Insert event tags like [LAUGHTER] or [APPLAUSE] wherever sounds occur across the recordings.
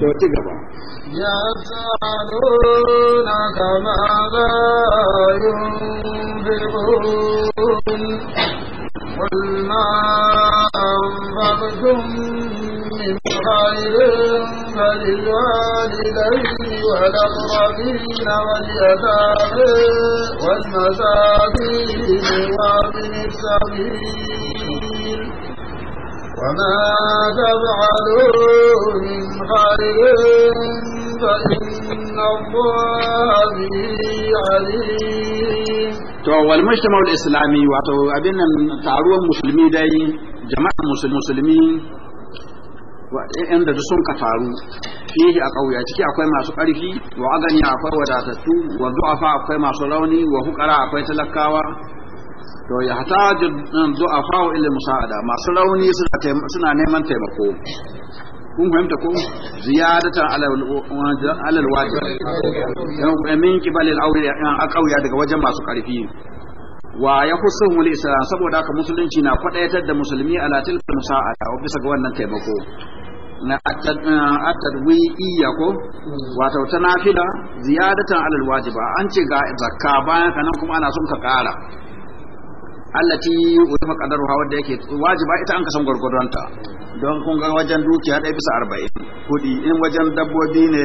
to ci gaba ya sa'alunaka ma za yunfiqun qul ma anfaqtum min khairin na والأقربين واليتامى والمساكين وابن sami. وما تفعلوا من خير فإن الله به عليم to wal mujtama'ul islami wato abin nan taruwan musulmi dai jama'a musulmi inda da sun ka taru fihi a ƙauya ciki akwai masu ƙarfi wa agani akwai wadatattu wa du'afa akwai masu rauni wa hukara akwai talakawa to ya hata du'a fawo ilil musa'ada masu rauni suna neman taimako kun fahimta ko ziyadatan alal wajib yan min qibal al an daga wajen masu karfi wa ya husuhu wani islam saboda haka musulunci na kwadaitar da musulmi ala tilka musa'ada wa bisa ga wannan taimako na atadwi iya ko wato tana nafila ziyadatan alal wajiba an ce ga zakka bayan kana kuma ana son ka kara allati wata ruwa wadda yake wajiba ita an kasan gwargwadonta don kun ga wajen dukiya ɗaya bisa arba'in kuɗi in wajen dabbobi ne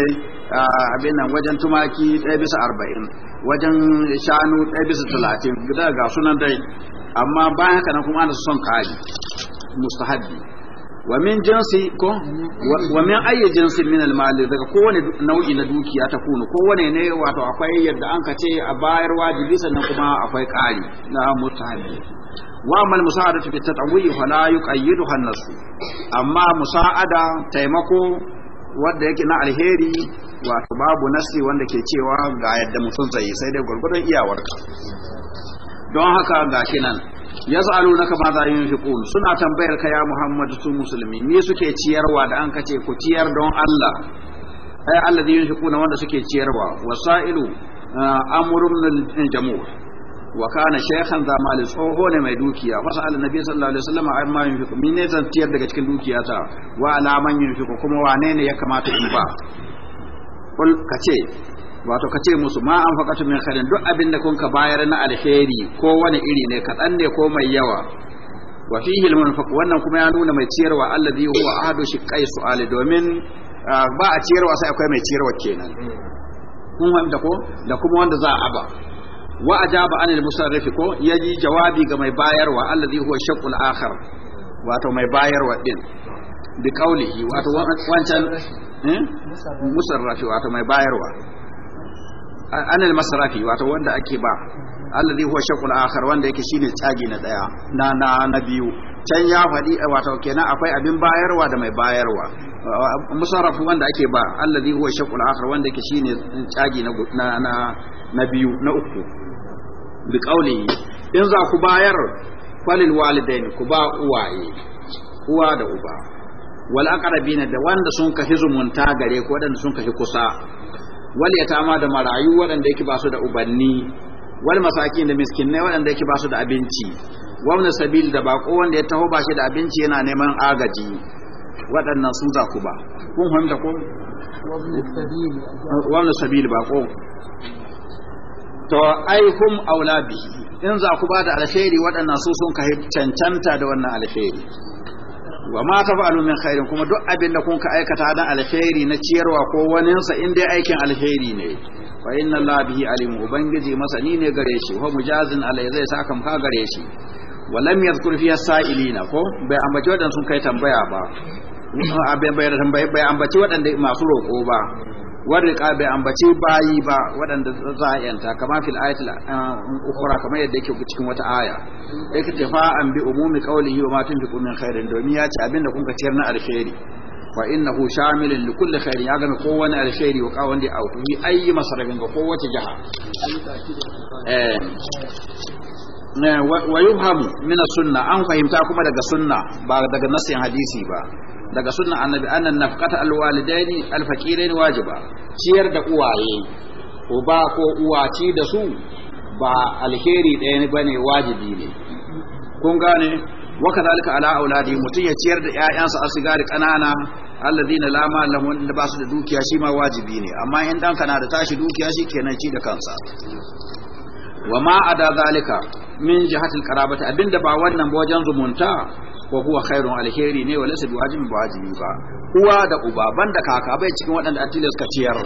abin nan wajen tumaki ɗaya bisa arba'in wajen shanu ɗaya bisa talatin gida ga sunan dai amma bayan haka nan kuma ana son kaji haddi. wa min jinsi ko wa min ayi jinsin min al daga kowane nau'i na dukiya ta kunu kowane ne wato akwai yadda an ka ce a bayar wajibi sannan kuma akwai ƙari na mutahabi wa amal musa'adatu bi tatawwi fa la yuqayyiduha an-nas amma musa'ada taimako wanda yake na alheri wato babu nasi wanda ke cewa ga yadda mutum zai sai dai gurgurdan iyawarka don haka ga kinan yas'alunaka ma za yunfiqun suna tambayar ka ya Muhammadu su musulmi me suke ciyarwa da an kace ku ciyar don Allah ay alladhi yunfiquna wanda suke ciyarwa wasailu eh, amrun lil jamu' wa kana shaykhan za mal tsoho ne mai dukiya fasa al nabi sallallahu alaihi wasallam ai ma yunfiqu min ne zan ciyar daga cikin dukiyata wa alaman yunfiqu kuma wane ne ya kamata in ba kul kace wato ka ce musu ma an faƙatu min khairin duk abin da kun ka bayar na alheri ko wani iri ne kaɗan ne ko mai yawa wa fihi al wannan kuma ya nuna mai ciyarwa Allah allazi huwa ahadu kai su'ali domin ba a ciyarwa sai akwai mai ciyarwa kenan kun fahimta ko da kuma wanda za a aba wa ajaba anil musarrif ko yaji jawabi ga mai bayarwa allazi huwa shaqqul akhar wato mai bayarwa din bi qawlihi wato wancan eh? musarrafi wato mai bayarwa al masrafi wato wanda ake ba alladhi huwa shaqul akhar wanda yake shine tsagi na daya na na na biyu can ya faɗi wato kenan akwai abin bayarwa da mai bayarwa musarrafu wanda ake ba alladhi huwa shaqul akhar wanda yake shine tsagi na na na biyu na uku bi qawli in za ku bayar falil walidain ku ba uwaye uwa da uba wal aqrabina da wanda sun kahi zumunta gare ku wadanda sun kahi kusa wal yatama da marayu waɗanda yake ba su da ubanni wal masakin da miskinai waɗanda yake ba su da abinci wamna sabil da bako wanda ya taho ba shi da abinci yana neman agaji waɗannan sun za ku ba kun fahimta ko wamna sabil bako to ai hum aula in za ku ba da alheri waɗannan su sun ka cancanta da wannan alheri wa ma ta fa’alu min khairin kuma duk abin da kun ka aikata dan alheri na ciyarwa ko wani sa in dai aikin alheri ne wa inna allaha bihi alim ubangiji masani ne gare shi wa mujazin alai zai saka ka gare shi wa lam yadhkur sa'ilina ko bai ambaci waɗanda sun kai tambaya ba bai ambaci waɗanda masu roƙo ba warriƙa bai ambaci bayi ba waɗanda za a yanta kama fil ayatul uh, ukhra kamar yadda yake cikin wata aya yake tafa an bi umumi qawlihi wa ma tunfiqu min khairin domin ya ce abinda kun ka ciyar na alkhairi wa innahu shamilun li kulli khairin ya gami kowane alkhairi wa kawan da auku yi ayi masarafin ga kowace jaha eh, eh wa yubhamu min as-sunnah an fahimta kuma daga sunna ba daga nasin hadisi ba daga sunnan annabi annan nafqata alwalidaini alfaqirain wajiba ciyar da uwaye uba ko uwa ci da su ba alheri ɗaya ne bane wajibi ne kun gane wa kadhalika ala auladi mutun ya ciyar da ƴaƴansa asigari kanana alladina la ma lahum da basu da dukiya shi ma wajibi ne amma in dan kana da tashi dukiya shi kenan ci da kansa wa ma ada zalika min jihatil qarabati abinda ba wannan ba wajen zumunta wa huwa khairun alheri ne walaysa biwajibin wajibi ba uwa da uba banda kaka bai cikin waɗanda a tilasta ciyar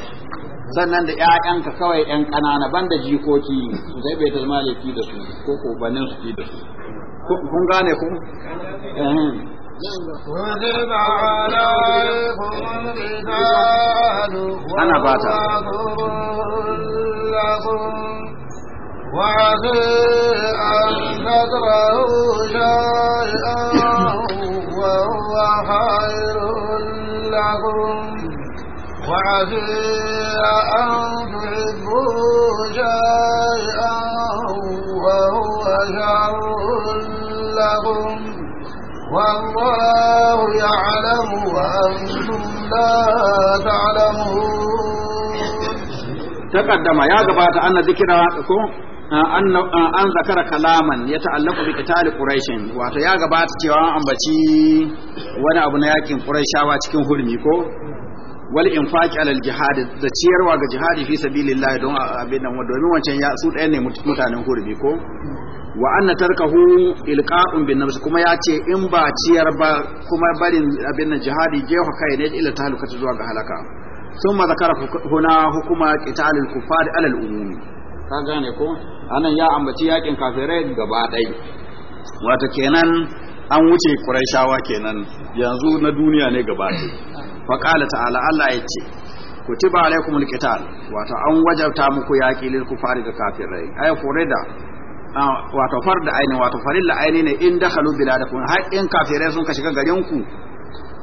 sannan da ƴaƴanka kawai ƴan ƙanana banda jikoki su sai bai zama laifi da su ko ko banin su da su kun gane ku ana bata وعسى أن تكرهوا شيئا وهو خير لكم وعسى أن تحبوا شيئا وهو شر لكم والله يعلم وأنتم لا تعلمون تقدم يا جماعة أن ذكر an zakara kalaman ya ta'allaku bi qital quraish wato ya gabata cewa an ambaci wani abu na yakin quraishawa cikin hurmi ko wal infaqi alal jihad da ciyarwa ga jihadi fi sabilillah don abin nan domin wancan ya su ɗaya ne mutanen hurmi ko wa anna tarkahu ilqa'un bin nafs kuma ya ce in ba ciyar ba kuma barin abin nan jihadi jeho kai ne ila tahlukata zuwa ga halaka huna ذكر هنا حكم قتال الكفار alal umumi ka gane ko anan ya ambaci yakin kafirai gaba ɗai wato kenan an wuce quraishawa kenan yanzu na duniya ne gaba ɗai fa qala ta'ala Allah ya ce kutiba alaikumul qital wato an wajabta muku yaki lil kufari da kafirai ay qurida wato farda aini wato farilla aini ne in dakhalu biladakum har in kafirai sun ka shiga garin ku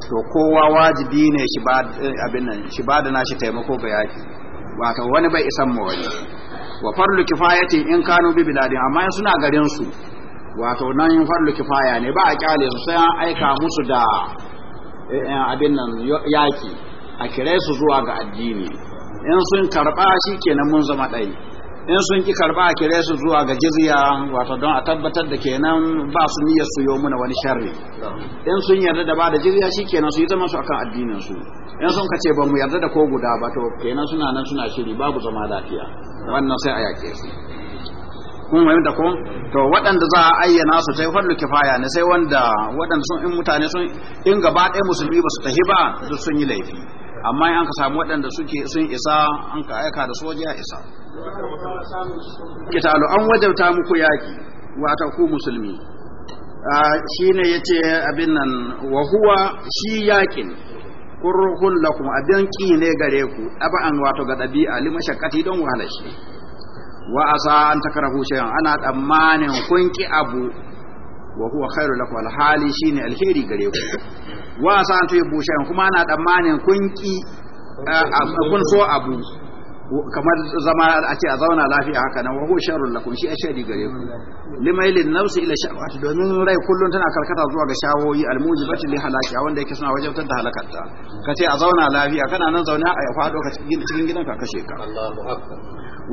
to kowa wajibi ne shi ba eh, abin nan shi ba da nashi taimako ga yaki wato wani bai isan mu wani wa farlu kifayatin in kanu bi biladin amma in suna garin su wato nan yin farlu kifaya ne ba a kyale su sai an aika musu da eh, abin nan yaki a kire su zuwa ga addini in sun karba shikenan mun zama ɗaya in sun ki karba a kire su zuwa ga jizya wato don a tabbatar da kenan ba su niyyar su yo muna wani sharri in sun yarda da ba da jizya kenan su yi zaman su akan addinin su in sun kace ba mu yarda da ko guda ba to kenan suna nan suna shiri babu zama lafiya wannan sai a yake su kun da ko to waɗanda za a ayyana su sai fallu kifaya ne sai wanda waɗanda sun in mutane sun in gaba ɗaya musulmi ba su tafi ba duk sun yi laifi amma in ka samu waɗanda suke sun isa an ka aika da soja isa kitalu an wajauta muku yaki wata ku musulmi Shi ne ya ce abin nan wa shi yakin kurruhun lakum abin ki ne gare ku an wato ga ɗabi'a, lima, mashakkati don wahala shi wa asa an takrahu shay'an ana tsammanin kun ki abu wa huwa khairu lakum alhali ne alheri gare ku wa san tu bushe kuma ana tsammanin kun ki eh, kun so abu kamar zama a ce a zauna lafiya haka nan wa huwa sharrul lakum shi ashadi gare ku limailin nafsi ila shawati domin rai kullun tana karkata zuwa ga shawoyi almujibati li halaki wanda yake suna wajabtar da halakarta kace a zauna lafiya kana nan zauna a fado ka cikin gidanka kashe ka Allahu akbar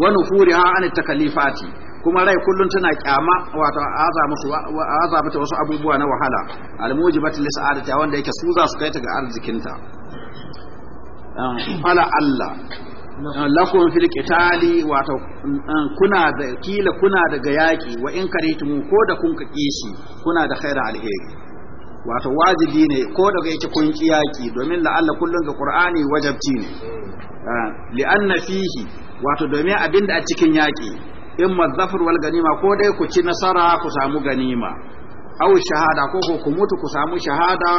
wa nufuriha an takalifati kuma rai kullun tana kyama wato aza musu aza mata wasu abubuwa na wahala almujibat li sa'adati wanda yake su za su kai ta ga arzikinta fala Allah lakum fil qitali wato kuna da kila kuna daga yaki wa in karitumu ko da kun ka kishi kuna da khairu alheri wato wajibi ne ko daga yake kun ki yaki domin la'alla kullun ga qur'ani wajibci ne anna fihi wato domin abinda a cikin yaki in mazzafar wal ganima ko dai ku ci nasara ku samu ganima aw shahada ko ko ku mutu ku samu shahada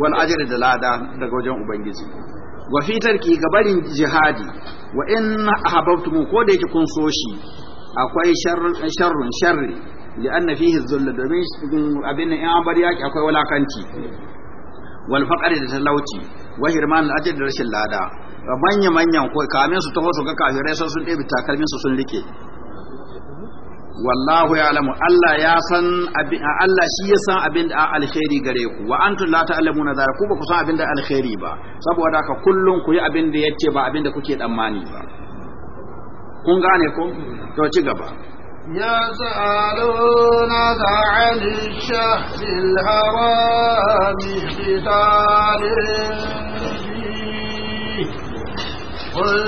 wal ajr da lada daga wajen ubangiji wa fi tarki gabarin jihadi wa in ahabbtum ko dai ki kun so shi akwai sharrun sharri anna fihi dhull domin abin in an bar yaki akwai walakanci wal faqri da talauci wa hirman al-ajr da rashin lada manya manyan ko kamin su taho su ga kafirai sun sun ɗebe takalmin su sun rike wallahu ya ya'lamu Allah ya san Allah shi ya san abin da alheri gare ku wa antum la ta'lamuna zalika ku ba ku san abin da alkhairi ba saboda haka kullun ku yi abin da yace ba abin da kuke tsammani ba kun gane ko to ci gaba ya عن الشهر الحرام قتال فيه قل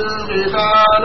قتال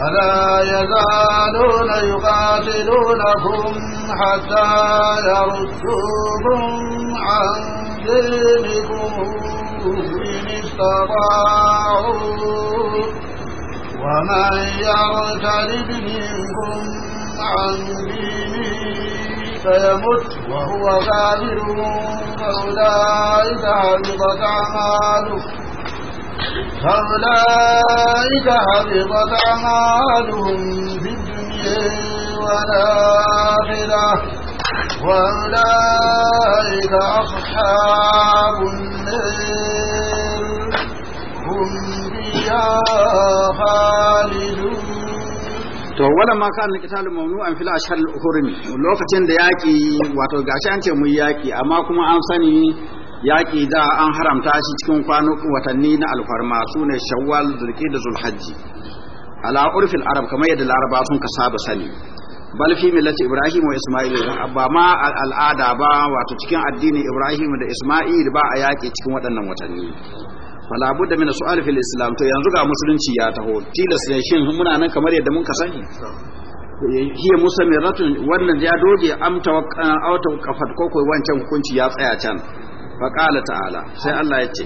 فلا يزالون يقاتلونكم حتى يردوكم عن دينكم إن استطاعوا ومن يرتد منكم عن دينه فيمت وهو كافر فأولئك حبطت أعماله فأولئك حبطت أعمالهم في الدنيا والآخرة وأولئك أصحاب النار هم فيها خالدون to wannan ma an fil ashal al lokacin da yaki wato gashi an ce mu yaki amma kuma an sani yaƙi da an haramta shi cikin kwano watanni na alfarma su ne shawwal zulki da zulhajji ala urfil arab kamar yadda laraba sun ka saba sani bal fi millati ibrahim wa isma'il ba ma al'ada ba wato cikin addinin ibrahim da isma'il ba a yaƙi cikin waɗannan watanni fala budda min su'al fil islam to yanzu ga musulunci ya taho tilas ne shin muna nan kamar yadda mun ka sani hiya musamiratun wannan ya doge amta wa kafat ko wancan hukunci ya tsaya can faƙala ta'ala sai Allah ya ce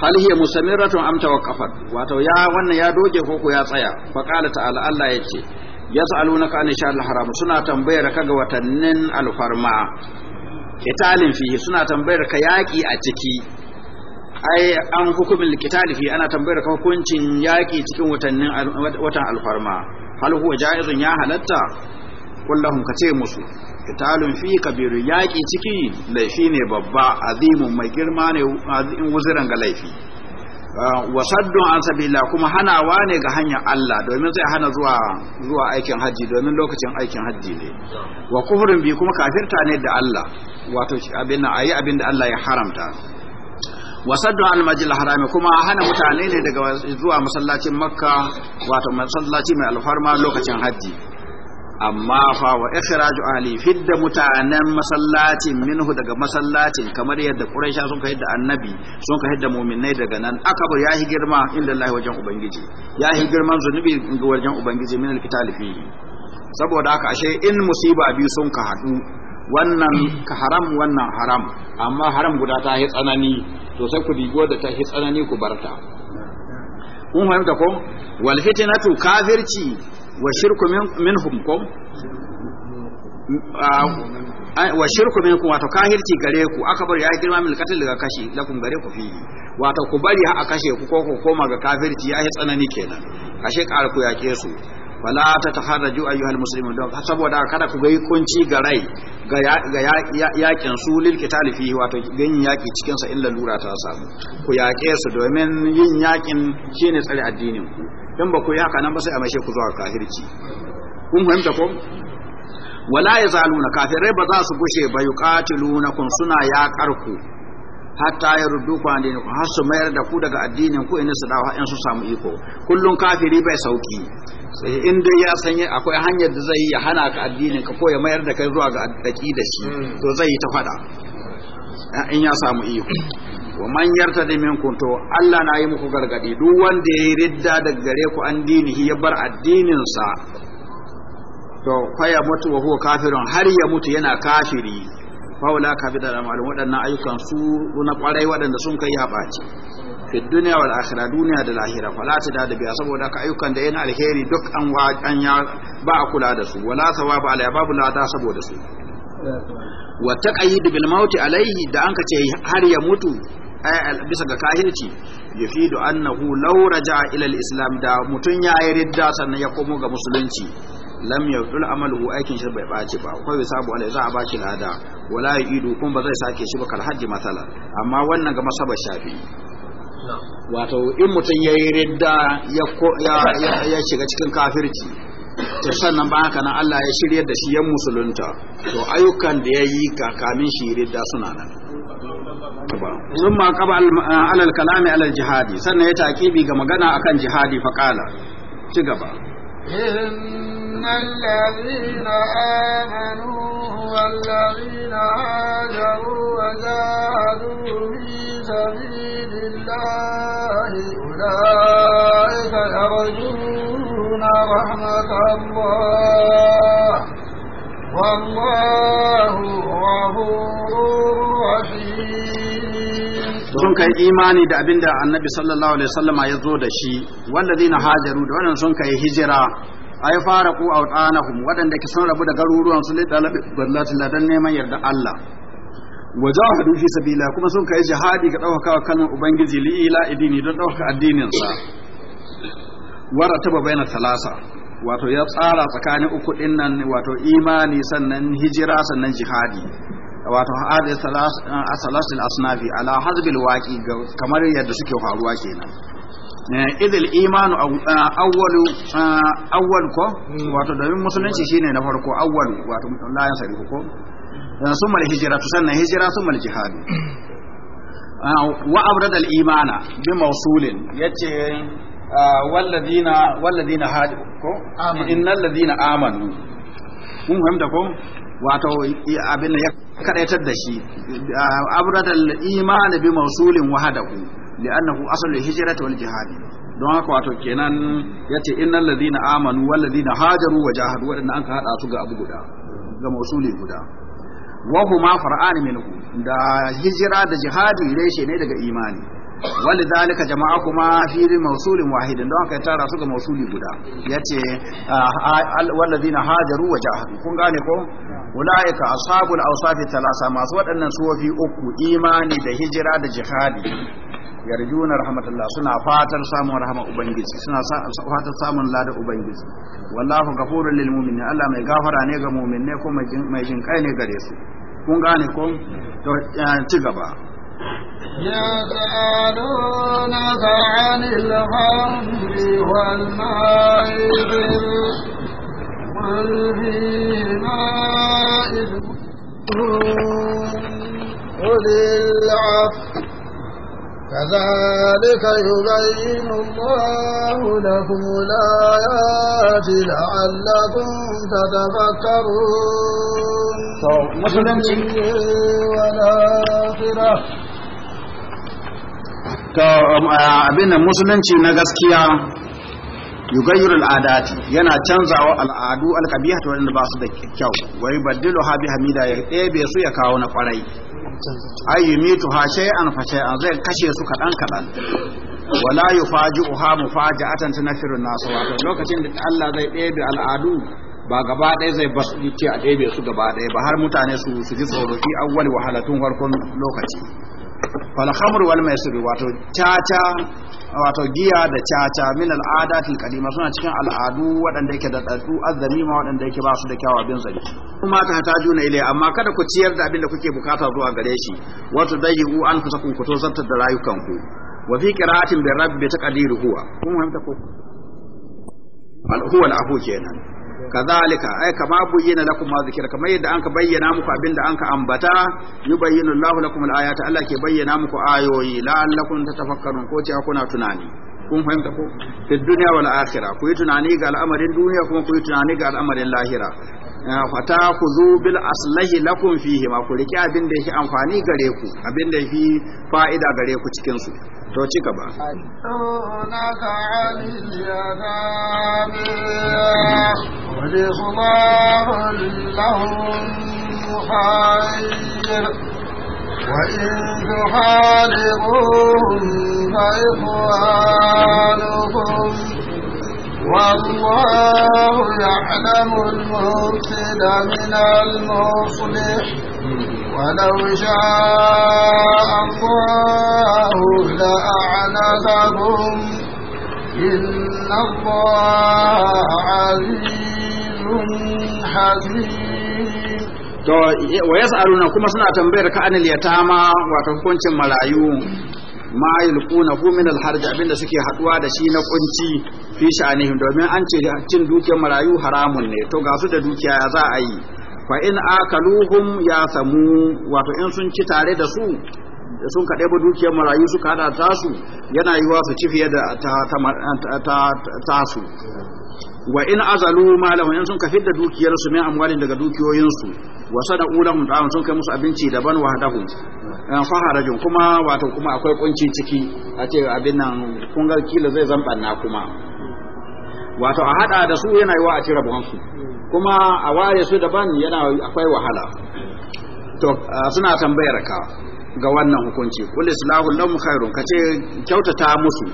hal hiya musamirratun am tawaqqafat wato ya wannan ya doge ko ko ya tsaya faƙala ta'ala Allah ya ce yas'alunaka an shahr haram suna tambayar ka ga watannin alfarma qitalin fihi suna tambayar ka yaki a ciki ai an hukumin qitali fi ana tambayar ka hukuncin yaki cikin watannin watan alfarma hal huwa jaizun ya halatta kullahum ce musu kitalun fi kabiru yaƙi ciki laifi ne babba azimun mai girma ne wuzuran ga laifi ah, saddu an sabila kuma hanawa ne ga hanyar Allah domin zai hana zuwa zuwa aikin haji domin lokacin aikin haji ne wa kufurin bi kuma kafirta ne da Allah wato abin nan ayi abin da Allah ya haramta saddu al majil haram kuma hana mutane ne daga zuwa masallacin makka wato masallaci mai alfarma lokacin haji amma fa wa ikhraju ahli fidda mutanen masallacin minhu daga masallacin kamar yadda quraisha sun kai da annabi sun kai da mu'minai daga nan akabar yahi girma inda Allah wajen ubangiji yahi girman zunubi ga wajen ubangiji min alkitali fi saboda haka ashe in musiba biyu sun ka hadu wannan ka haram wannan haram amma haram guda ta yi tsanani to sai ku digo da ta yi tsanani ku barta kun fahimta ko walhitinatu kafirci wa shirku minhum ko ah, wa shirku minkum wato kahirci gare ku aka bari ya girma mil katil daga kashi lakum gare ku fihi wato ku bari a kashe ku ko ku koma ga kafirci ya tsanani kenan ashe ƙara ku yaƙe su fala ta taharraju ayyuhal musulmi don saboda kada ku ga kunci ga rai ga yakin su lil talifi wato ganin yaki cikin sa illa lura ta samu ku yake su domin yin yakin shine tsare addinin ku dan ba ku yi haka nan ba sai a mashe ku zuwa kafirci kun fahimta ko wala yazaluna kafirai ba za su gushe ba yuqatilunakum suna yaqarku hatta ya rudu ku an dinku har su mayar da ku daga addinin ku in su dawo in su samu iko kullun kafiri bai sauki in dai ya sanya akwai hanyar da zai ya hana ka addinin ka ko ya mayar da kai zuwa ga da shi hmm. to zai yi ta fada in ya samu iko wa man yartadi minkum to Allah na yi muku gargadi duk wanda yi ridda daga gare ku an dinihi ya bar addinin sa to fa ya mutu wa huwa kafirun har ya mutu yana kafiri faula ka bi da amalin waɗannan ayyukan su na kwarai waɗanda sun kai ya ɓaci fi duniya wal akhira duniya da lahira fala ta da biya saboda ka ayyukan da yana alheri duk an an ya ba a kula da su wala sawaba alai babu lada saboda su wa taqayyid bil maut alaihi da an ka ce har ya mutu bisa ga kahirci yafidu annahu law raja ila al islam da mutun ya yi ridda sannan ya komo ga musulunci lam yabdul amalu aikin shi bai bace ba ko sabu wanda za a bashi lada wala yidu kun ba zai sake shi ba kal hajji masala amma wannan ga masaba shafi wato in mutum yayi ridda ya shiga cikin kafirci to sannan ba haka nan Allah ya shirye da shi yan musulunta to ayyukan da yayi kakamin shi ridda suna nan ثم قبل على الكلام على الجهاد سنة يتعقيبي كما قنا أكن جهادي فقال تقبل إن الذين آمنوا والذين هاجروا وجاهدوا في سبيل الله أولئك يرجون رحمة الله والله غفور رحيم sun kai imani da abinda annabi sallallahu alaihi wasallama ya zo da shi wallazina hajaru da wannan sun kai hijira ay faraku awtanahum Wadanda ke sun rabu da garuruwan su litalabi wallahi dan neman yarda Allah wajahadu fi sabila kuma sun kai jihadi ga daukawa kalmar ubangiji li ila idini don dauka addinin sa warataba baina talasa wato ya tsara tsakanin uku dinnan wato imani sannan hijira sannan jihadi wato hadhi salasil asnafi ala hazbil waqi kamar yadda suke faruwa kenan eh, idil imanu eh, awwalu eh, awwal ko hmm. wato domin musulunci shine na farko awwal wato la yasarifu ko summa hijira sannan hijira summa jihad wa abrad al imana bi mawsulin yace walladina walladina hadu ko innal ladina amanu mun fahimta ko wato abin da ya kadaitar da shi abratal iman bi mausulin wahadahu li'annahu asalul hijrati wal jihad don haka wato kenan yace innal ladina amanu wal ladina hajaru wa jahadu wadanda an ka hada su ga abu guda ga mawsuli guda wa huma far'an minhu da hijira da jihadi reshe ne daga imani jama'a kuma fi mawsulin wahidin don haka ya tara su ga mawsuli guda yace ladina hajaru wa jahadu kun gane ko ulaika ashabul awsafi talasa masu waɗannan suwafi uku imani da hijira da jihadi yarjuna rahmatullah suna fatar samun rahama ubangiji suna fatar samun lada ubangiji wallahu ghafurur lil mu'minin Allah mai gafara ne ga mu'minne ko mai jin kai ne gare su kun gane ko to ci gaba يسألونك عن الخمر والمائر في ماء قل العفو كذلك يبين الله لكم الآيات لعلكم تتفكرون والآخرة abin da musulunci na gaskiya yugayyir al'adati yana canzawa al'adu alkabiha ta wanda ba su da kyau wai baddilu ha bi hamida ya ɗebe su ya kawo na kwarai ay yumitu ha shay'an fa shay'an zai kashe su kadan kadan wala yufaji'u ha mufaja'atan tunafirun nas wato lokacin da Allah zai ɗebe al'adu ba gaba ɗaya zai ba su ce a ɗebe su gaba ɗaya ba har mutane su su ji tsoro fi awwal wahalatun farkon lokaci wal wani mai maisir wato caca wato giya da caca min al'ada adatil suna cikin al'adu waɗanda yake da dadu ma waɗanda yake ba su da kyawa bin zari kuma ta juna ile amma kada ku ciyar da abin da kuke bukata zuwa gare shi wato dayu an fusakum ku zartar da rayukanku wa fi bai rabi rabbi taqdiru huwa kun ko huwa kenan kazalika ai kama bayyana lakum ma zikira kamar yadda anka bayyana muku abinda anka ambata yubayyinu Allahu lakum al-ayati Allah ke bayyana muku ayoyi la'allakum tatafakkarun ko ce kuna tunani kun fahimta ko ta duniya wal akhirah ku yi tunani ga al'amarin duniya kuma ku yi tunani ga al'amarin lahira eh, fata ku zo bil aslahi lakum fihi ma ku rike abinda yake amfani gare ku abinda yake fa'ida gare ku cikin su to ci gaba وإن تحاربوهم فإخوانكم والله يعلم المفسد من المصلح ولو شاء الله لأعنذهم إن الله عزيز حكيم to wa yas'aluna kuma suna tambayar ka anil yatama wato hukuncin marayu ma yulquna hu min al abinda suke haduwa da shi na kunci fi sha'anihim domin an ce cin dukiyar marayu haramun ne to ga su da dukiya za a yi fa in akaluhum ya samu wato in sun ci tare da su sun ka ba dukiyar marayu suka hada tasu yana wa su ci fiye da ta tasu wa in azalu malahu in sun ka fidda dukiyar su min amwalin daga dukiyoyin su wa sadaqu lahum ta'am sun kai musu abinci daban wa hadahu an faharajun kuma wato kuma akwai kunci ciki a ce abin nan kun kila zai na kuma wato a hada da su yana yi wa a ci rabon kuma a ware su daban yana akwai wahala to suna tambayar ka ga wannan hukunci kul islahu lahum khairun kace kyautata musu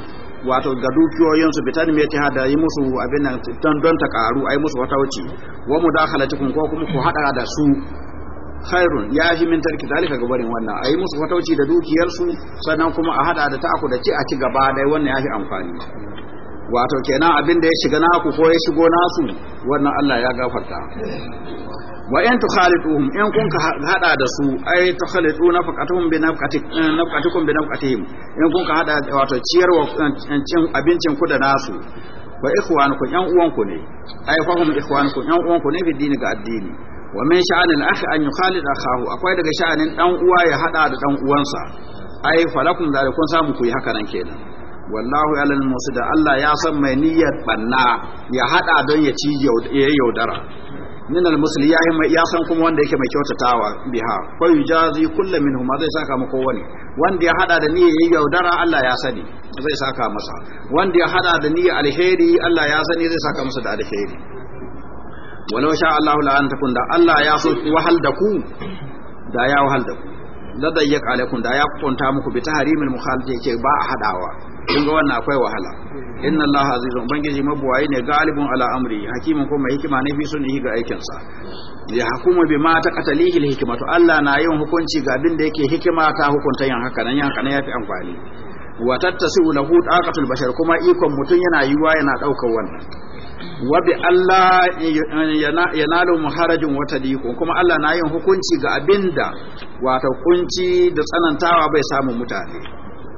wato ga dukiyoyinsu bitan me ta hada yi musu abin nan don ta karu ai musu wata wuce wa mudakhalatikum ko kuma ku hada da su khairun ya yi min tarki dalika ga barin wannan ai musu wata wuce da dukiyarsu sannan kuma a hada da ta aku da ci a ci gaba dai wannan ya fi amfani wato kenan abin da ya shiga naku ko ya shigo nasu wannan Allah ya gafarta wa in tukhaliduhum in kun ka hada da su ai tukhalidu nafaqatuhum bi nafqatikum bi nafqatihim in kun ka hada wato ciyarwa cin abincin ku da nasu wa ikhwanukum yan uwanku ne ai hum ikhwanukum yan uwanku ne fi dini ga addini wa min sha'anil akhi an yukhalid akahu akwai daga sha'anin dan uwa ya hada da dan uwansa ai falakum zalikun samu ku yi haka nan kenan wallahu alal musida Allah ya san mai niyyar banna ya hada don ya ci ya yaudara min al musli ya ya san kuma wanda yake mai kyautatawa biha fa yujazi kullu minhum zai saka maka wani wanda ya hada da niyyar ya yaudara Allah ya sani zai saka masa wanda ya hada da niyyar alheri Allah ya sani zai saka masa da alheri walau sha Allah la an takun da Allah ya so wahal da ku da ya wahal da ku ladayyak alaikum da ya kunta muku bi tahrimil mukhalif yake ba a hadawa kun ga wannan akwai wahala inna Allah azizun ubangiji mabuwai ne galibun ala amri ko kuma hikima ne fi sunni ga aikin sa ya hukuma bi ma ta katalihi hikima to Allah na yin hukunci ga abin da yake hikima ta hukunta yin haka nan yan yafi amfani wa tattasiu lahu taqatul bashar kuma ikon mutun yana yiwa yana daukar wannan wa bi Allah yanalu muharajin wa tadiqun kuma Allah na yin hukunci ga abinda wato kunci da tsanantawa bai samu mutane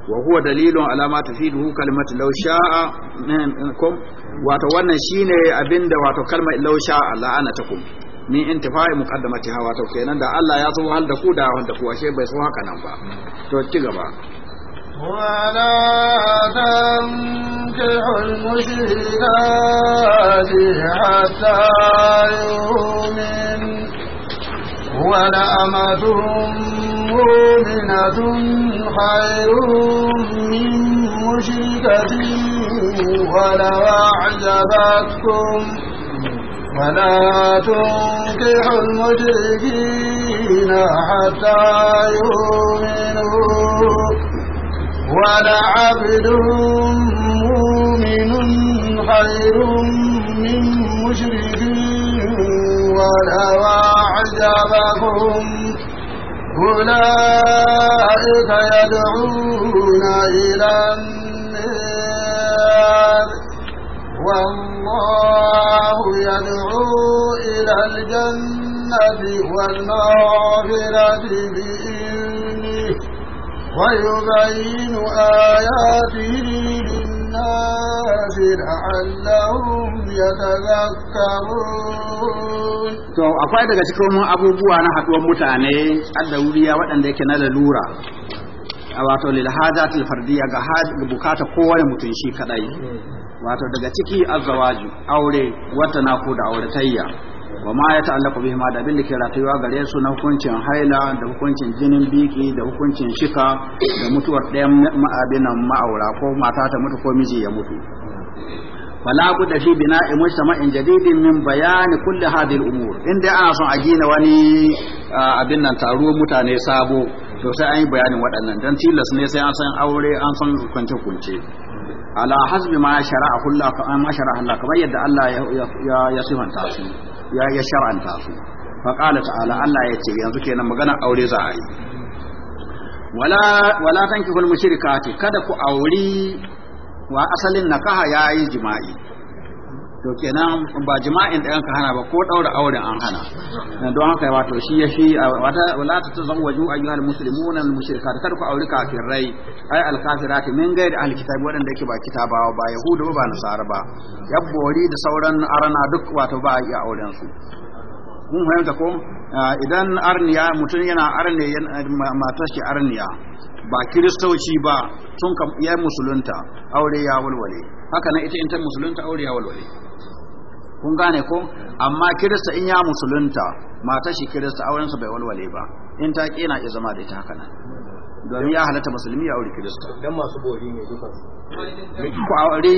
wa huwa dalilun alama tufiduhu kalmatu law sha'a minkum eh, eh, wato wannan shine abinda wato kalmar law sha'a la'anatakum min intifa'i hawa wato kenan da Allah ya so hal da ku da wanda ku ashe bai so haka nan ba to ci gaba ولأمتهم مؤمنة خير من مشركة ولو أعجبتكم ولا تنكحوا المشركين حتى يؤمنوا ولعبد مؤمن خير من مشرك ونرى عذابهم أولئك يدعون إلى النار والله يدعو إلى الجنة والمغفرة بإذنه ويبين آياته للناس لعلهم يتذكرون to akwai daga cikin abubuwa na haduwar mutane adda wuriya waɗanda yake na lalura wato lil hajatil fardiyya ga bukata kowane mutum shi kadai wato daga ciki azwaju aure wata ku da auratayya wa ma ya ta'allaqu bihi ma da bin da rayuwa gare su na hukuncin haila da hukuncin jinin biki da hukuncin shika da mutuwar ɗayan ma'abinan ma'aura ko mata ta mutu ko miji ya mutu فلا بد في بناء مجتمع جديد من بيان كل هذه الامور ان دي انا son a gina wani abin nan taro mutane sabo to sai an yi bayanin waɗannan dan tilas ne sai an san aure an san kunce kunce ala hasbi ma shara'a kullu fa ma shara'a Allah kamar yadda Allah ya ya sifanta su ya ya shar'anta su fa qala ta'ala Allah ya ce yanzu kenan magana aure za a yi wala wala tankihul mushrikati kada ku auri wa asalin na kaha ya yi jima'i to kenan ba jima'in da yanka hana ba ko daura auren an hana don haka wato shi ya shi wata wala ta tazawwaju ayyuhal muslimuna al mushrikat kar ku auri kafirai ai al kafirati min gairi al kitab wadanda yake ba kitabawa ba yahudu ba nasara ba yabbori da sauran arana duk wato ba ya auren su mun fahimta ko idan arniya mutum yana arne matar shi arniya ba kiristoci ba tun kam ya musulunta aure ya walwale haka nan ita in ta musulunta aure ya walwale kun gane ko amma kirista in ya musulunta mata shi kirista auren sa bai walwale ba in ta kina ya zama da ita haka nan domin ya halatta musulmi ya aure kirista dan masu bori ne dukan ku aure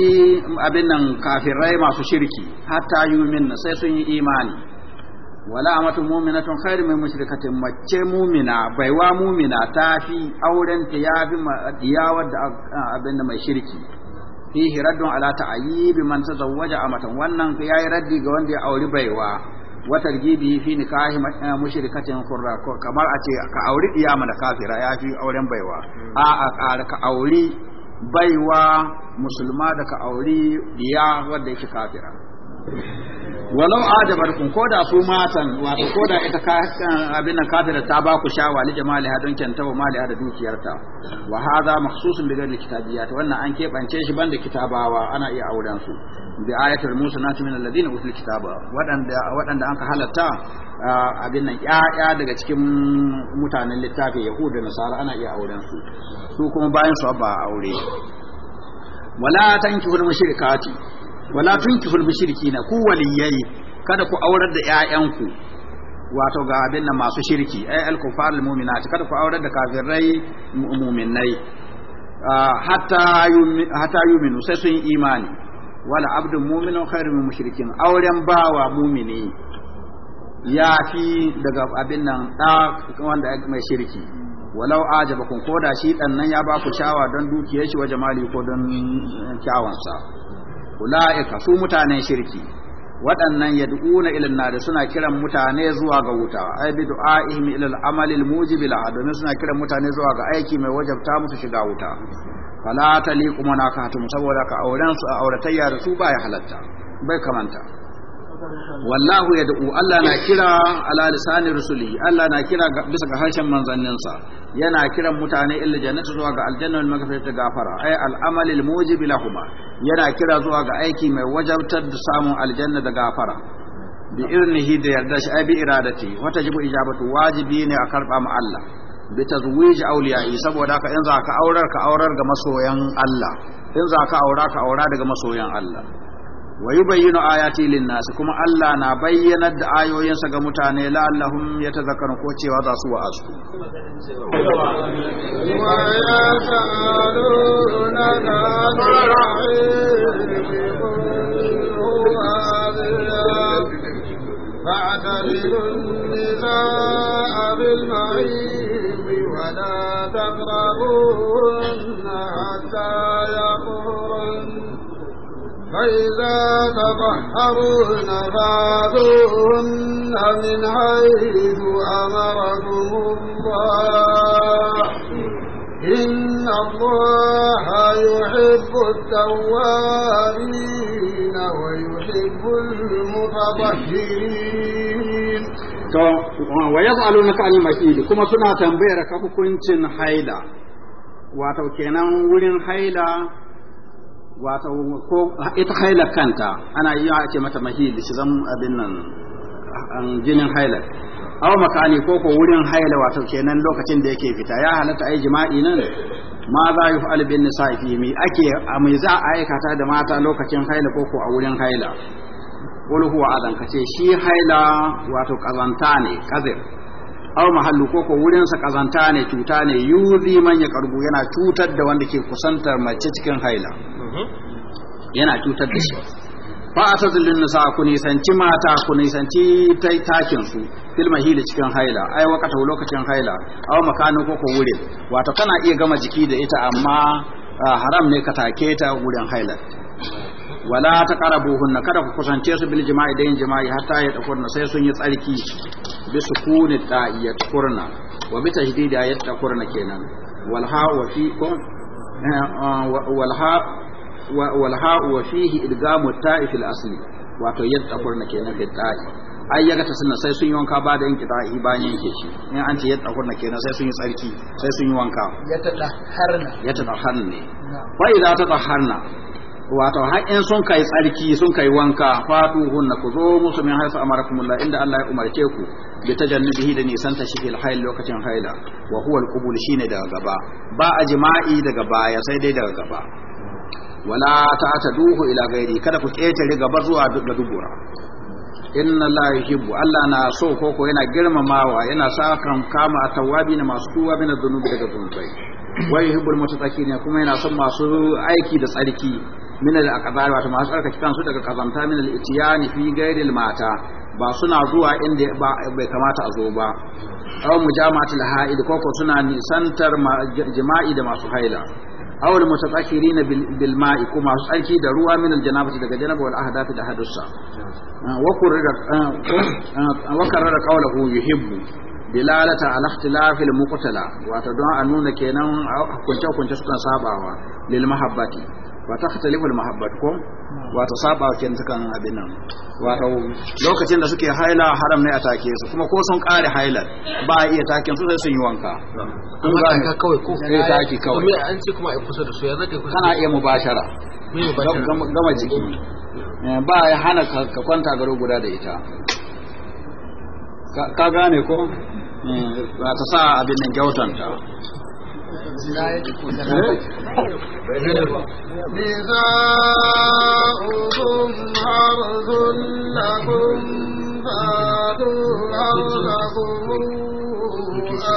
abin nan kafirai masu shirki hatta yumin sai sun yi imani wala amatu mu'minatun khairu min mushrikatin mace mu'mina baiwa mu'mina tafi auren ta yafi diyawar da abin da mai shirki fihi raddun ala bi man tazawwaja amatan wannan ya yi raddi ga wanda ya auri baiwa wa targibi fi nikahi eh, mushrikatin qurra kamar a ce ka auri diya mana kafira yafi auren baiwa hmm. a a ka auri baiwa musulma da ka auri diya wanda yake kafira walau ajabarkum ko da su matan wato ko da ita abin nan kafira ta ba ku shawa li mali don kyanta wa maliha da dukiyarta wa hadha makhsusun bi ghairi kitabiyat wannan an kebance shi banda kitabawa ana iya auren su bi ayatul musanati min alladhina utul kitaba wadanda wadanda an ka halatta abin nan ya'ya daga cikin mutanen littafi yahuda nasara ana iya auren su su kuma bayan su ba aure wala tankihul mushrikati wala tunkihul mushrikina ku waliyai kada ku aurar da ƴaƴanku wato ga abin nan masu shirki ay al kufar al mu'minat kada ku aurar da kafirai mu'minai ah, hatta hatta yuminu sai sun imani wala abdu mu'minun khairu min mushrikin auren bawa mu'mini ya fi daga abin nan da wanda mai shirki walau ajabakum ko da shi dan nan ya ba ku shawa don dukiyar shi wa jamali ko don eh, kyawansa ula'ika su mutanen shirki waɗannan yad'una ilin nar suna kiran mutane zuwa ga wuta ay bi du'aihim ila al-amali al-mujib domin suna kiran mutane zuwa ga aiki mai wajabta musu shiga wuta fala na manakatum saboda ka auren su auratayya da su baya halatta bai kamanta wallahu ya da'u. Allah na kira ala lisani rusuli Allah na kira bisa ga harshen manzanninsa yana kiran mutane ila jannati zuwa ga aljanna wal maghfirah ta gafara ay al amal al mujib lahuma yana kira zuwa ga aiki mai wajabtar da samun aljanna da gafara bi irnihi da yarda shi ai bi iradati wata jibu ijabatu wajibi ne a karba mu Allah bi tazwij awliyai saboda haka in za ka aurar ka aurar ga masoyan Allah in za ka aura ka aura daga masoyan Allah wa yubayyinu ayati lin kuma Allah na bayyanar da ayoyinsa ga mutane la'allahum yatazakkarun ko cewa za su wa'azu فاعتزلوا النساء بالمعيب ولا تقربوهن حتى يقول فإذا تطهرون فاتوهن من حيث أمركم الله إن الله يحب التوابين ويحب المتطهرين wa yas'alunaka anil mahid kuma suna tambayar ka hukuncin haila wato kenan wurin haila wato ko ita hailar kanta ana yi ake mata mahili shi zan abin nan jinin hailar awa makani ko ko wurin haila wato kenan lokacin da yake fita ya halatta ai jima'i nan ma za yi fa'al bin nisa'i fi mi ake a mai za a aikata da mata lokacin haila ko ko a wurin haila wani huwa azan kace shi haila wato kazanta ne kazir awa mahallu ko ko wurin sa kazanta ne cuta ne yuzi man ya karbu yana cutar da wanda ke kusantar mace cikin haila Mhm. yana cutar da shi ba a tazilin nisa ku nisanci mata ku nisanci takin su fil mahili cikin haila ai wakata lokacin haila aw makanin ko ko wurin wato kana iya gama jiki da ita amma haram ne ka take ta wurin haila wala ta na kada ku kusance su bil jima'i da yin jima'i hatta ya na sai sun yi tsarki bi sukuni da ya dakurna wa bi tajdidi ya dakurna kenan wal ha wa fi kun eh, wal ha wal wa fihi idgamu ta'if al asli wato yadda kurna kenan fil ta'i ai yaga ta sunna sai sun yi wanka ba da yanke ta'i bayan yanke shi in an ce yadda kurna kenan sai sun yi tsarki sai sun yi wanka ya tadaharna ya tadaharna ne fa idza tadaharna wato har in sun kai tsarki sun kai wanka fatu hunna ku zo musu min haisu amarakumullah inda Allah ya umarce ku bi tajannubihi da nisan ta shi hayl lokacin haila wa huwa al shine daga gaba ba a jima'i daga baya sai dai daga gaba wala duhu ila gairi, kada ku riga gaba zuwa ga dubura inna la yuhibbu Allah na so koko yana girmamawa yana sa kan kama atawabi na masu tuwa bin dhunubi daga zunubai wa yuhibbul mutatakin kuma yana son masu aiki da tsarki min al aqdar wa masu tsarkake kansu daga kazanta min al itiyani fi ghairi al mata ba suna zuwa inda bai kamata a zo ba aw mujamatul haid ko ko suna nisantar jima'i da masu haila awal mutatahhirina bil ma'i kuma masu tsarki da ruwa min al janabati daga janaba wal ahdath da hadussa wa kurrida wa karrara qawluhu yuhibbu dilalata ala ikhtilafi al muqtala wato don a nuna kenan hukunce hukunce suka sabawa lil mahabbati wata hatalifin mahabbatkum wata saba ken tukan abin nan wato lokacin da suke haila haram ne a take su kuma ko sun kare haila ba a iya taken su sai sun yi wanka an ga kawai ko sai taki kawai kuma an ce kuma ai kusa da su ya zaka kusa kana iya mubashara gama jiki ba ya hana ka kwanta garo guda da ita ka gane ko ta sa abin nan gautanta نساؤكم حرث لكم فاتوا حرثكم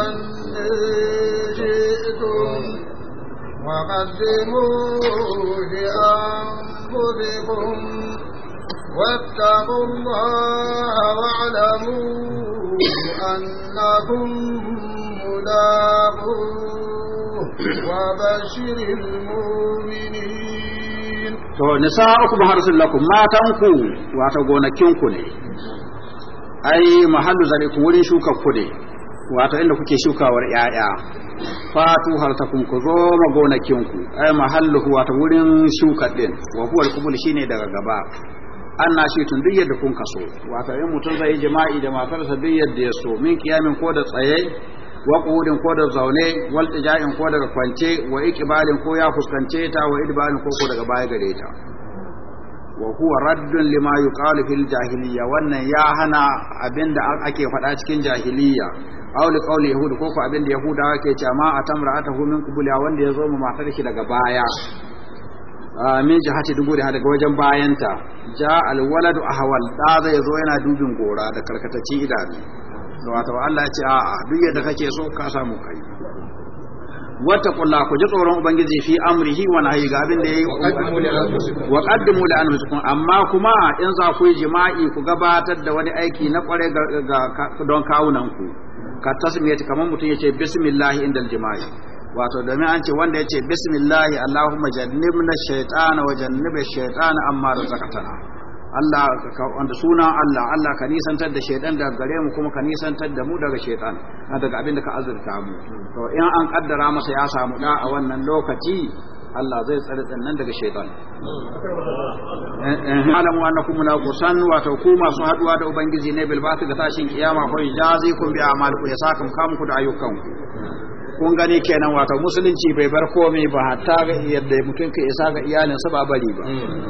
أن جئتم وقدموا لأنفسكم واتقوا الله واعلموا أنكم ملاقون وبشر المؤمنين to nisa'ukum harsul lakum matanku wato gonakinku ne ai mahallu zariku wurin shuka ku ne wato inda kuke shukawar ƴaƴa fatu hartakum ku zo ma gonakinku ai mahallu wato wurin shuka din wa huwa al shine daga gaba an na shi tun duk yadda kun kaso wato in mutum zai jima'i da matarsa duk yadda ya so min kiyamin ko da tsaye wa qudin ko da zaune wal ijain ko daga kwance wa iqbalin ko ya fuskance ta wa idbalin ko ko daga baya gare ta wa huwa raddun lima yuqalu fil jahiliya wannan ya hana abinda ake faɗa cikin jahiliya awli qawli yahud ko ko abinda yahuda ke cewa ma atahu min a wanda yazo mu matar shi daga baya min jihati dubu da daga wajen bayanta ja alwaladu ahwal da zai zo yana dubin gora da karkatacci idanu Da wata Allah ya ce a'a duk yadda kake so ka samu kai wata kula ku ji tsoron ubangiji fi amrihi wa nahi ga abin da yayi wa qaddimu li anfusikum amma kuma in za ku yi jima'i ku gabatar da wani aiki na kware ga don kawunan ku ka tasmiyati kamar mutum yace bismillah indal jima'i wato domin an ce wanda yace bismillah allahumma jannibna shaytana wa jannibash shaytana amma razaqtana Allah wanda suna Allah Allah ka nisantar da shaidan daga gare mu kuma ka nisantar da mu daga shaidan daga abin da ka azurta mu to in an kaddara masa ya samu da a wannan lokaci Allah zai tsare tsannan daga shaidan eh, eh, alamu annakum munaqusan wa ku masu haduwa da ubangiji ne bil ga tashin kiyama ko jazikum bi a'malikum ya sakum kamku da ayyukanku kun gani kenan wato musulunci bai bar komai ba hatta yadda mutum ka isa ga iyalinsa ba bari ba hmm.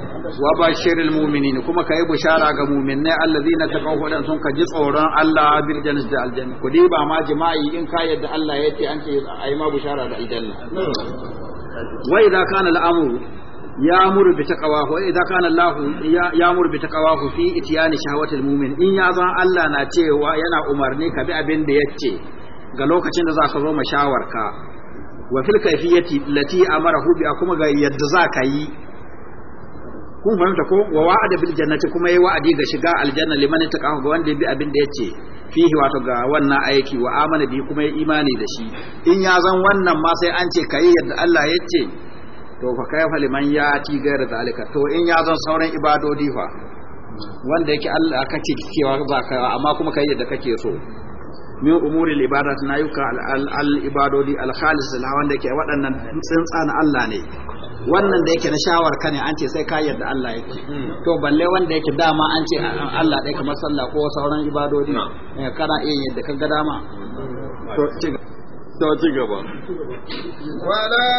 wa bashiril mu'minin kuma kai bushara ga mu'minai allazina taqaw dan sun ji tsoron Allah bil jannati da aljanna ku ba ma jima'i in ka yadda Allah ya ce an ce ai ma bushara da aljanna wa idza kana al'amru bi بتقواه fi كان الله يامر in ya zan allah na cewa yana umarni ka bi abin da ديتي ga lokacin da za ka zo mashawarka wa fil kaifiyati lati amarahu bi kuma ga yadda za ka yi kun fahimta ko wa wa'ada bil jannati kuma yayi wa'adi ga shiga aljanna liman taqa ga wanda bi abin da yace fihi wato ga wannan aiki wa amana bi kuma yayi imani da shi in ya zan wannan ma sai an ce kai yadda Allah yace to fa kayfa liman yati gaira zalika to in ya zan sauran ibadodi fa wanda yake Allah kake cewa za ka amma kuma kai yadda kake so min umuri al-ibadat na yuka al-ibadodi al-khalis wanda ke waɗannan tsintsa na Allah ne wannan da yake na shawar ka ne an ce sai ka yarda Allah yake to balle wanda yake dama an ce Allah ɗaya kamar sallah ko sauran ibadodi eh, kana iya yadda ka ga dama to ta ci gaba wala